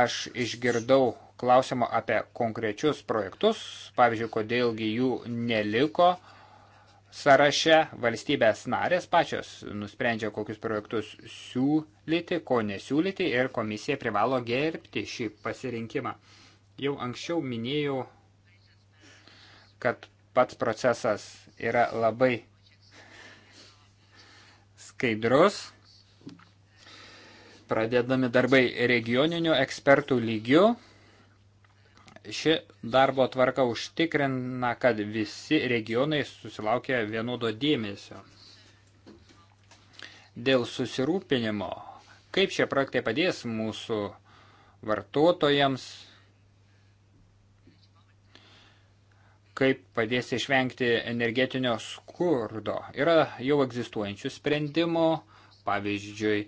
Aš išgirdau klausimą apie konkrečius projektus, pavyzdžiui, kodėlgi jų neliko, sąraše valstybės narės pačios nusprendžia, kokius projektus siūlyti, ko nesiūlyti ir komisija privalo gerbti šį pasirinkimą. Jau anksčiau minėjau, kad pats procesas yra labai skaidrus. Pradedami darbai regioninių ekspertų lygių, Ši darbo tvarka užtikrina, kad visi regionai susilaukia vienodo dėmesio. Dėl susirūpinimo, kaip šie projektai padės mūsų vartotojams, kaip padės išvengti energetinio skurdo. Yra jau egzistuojančių sprendimų, pavyzdžiui,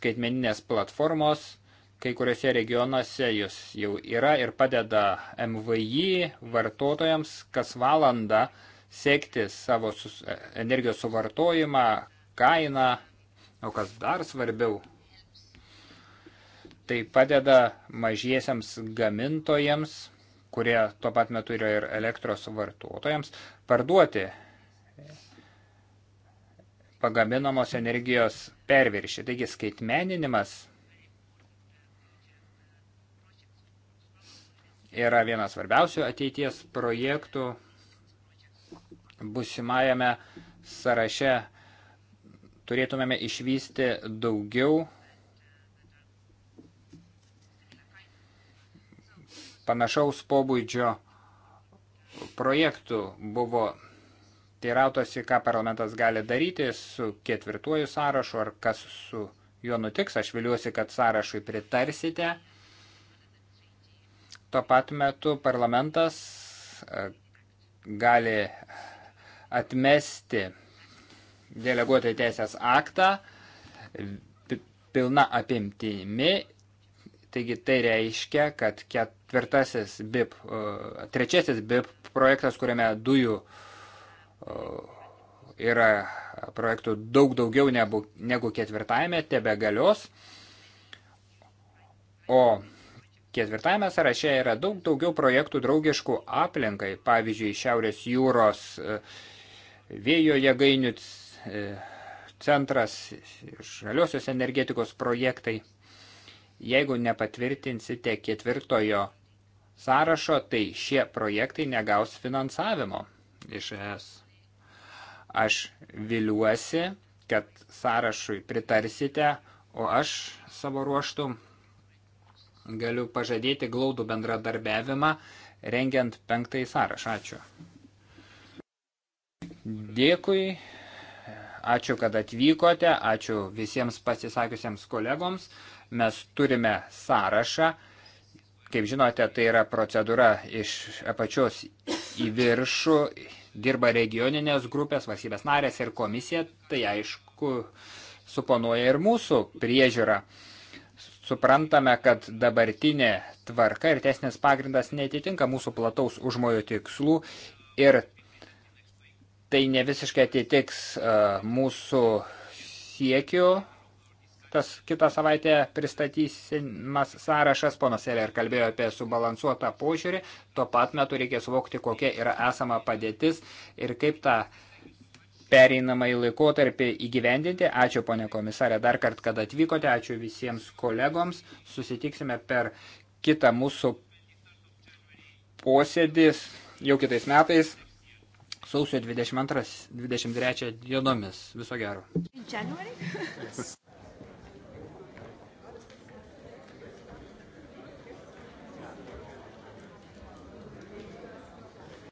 skaitmeninės platformos kai kuriuose regionuose jis jau yra ir padeda MVI vartotojams kas valandą sekti savo energijos suvartojimą, kainą, o kas dar svarbiau, tai padeda mažiesiams gamintojams, kurie tuo pat metu yra ir elektros vartotojams, parduoti pagaminamos energijos perviršį. Taigi skaitmeninimas yra vienas svarbiausių ateities projektų busimajame sąraše turėtumėme išvysti daugiau panašaus pobūdžio projektų buvo teirautosi, ką parlamentas gali daryti su ketvirtuoju sąrašu ar kas su juo nutiks. Aš viliuosi, kad sąrašui pritarsite. Tuo pat metu parlamentas e, gali atmesti deleguotą teisės aktą e, pilna apimtimi. Taigi tai reiškia, kad ketvirtasis BIP, e, trečiasis BIP projektas, kuriame dujų yra projektų daug daugiau negu, negu ketvirtajame, tebe galios. O Ketvirtame sąraše yra daug daugiau projektų draugiškų aplinkai, pavyzdžiui, Šiaurės jūros e, vėjo jėgainių e, centras, žaliosios energetikos projektai. Jeigu nepatvirtinsite ketvirtojo sąrašo, tai šie projektai negaus finansavimo iš ES. Aš viliuosi, kad sąrašui pritarsite, o aš savo ruoštų galiu pažadėti glaudų bendradarbiavimą, rengiant penktąjį sąrašą. Ačiū. Dėkui. Ačiū, kad atvykote. Ačiū visiems pasisakiusiems kolegoms. Mes turime sąrašą. Kaip žinote, tai yra procedūra iš apačios į viršų. Dirba regioninės grupės, valstybės narės ir komisija. Tai aišku, suponuoja ir mūsų priežiūrą. Suprantame, kad dabartinė tvarka ir tesnis pagrindas netitinka mūsų plataus užmojo tikslų ir tai ne visiškai atitiks e, mūsų siekių. Tas kitą savaitę pristatysimas sąrašas, ponas Seller kalbėjo apie subalansuotą požiūrį, tuo pat metu reikia suvokti, kokia yra esama padėtis ir kaip tą ta pereinamąjį laikotarpį įgyvendinti. Ačiū, ponė komisarė, dar kart, kad atvykote. Ačiū visiems kolegoms. Susitiksime per kitą mūsų posėdis jau kitais metais. Sausio 22-23 dienomis. Viso gero. [laughs]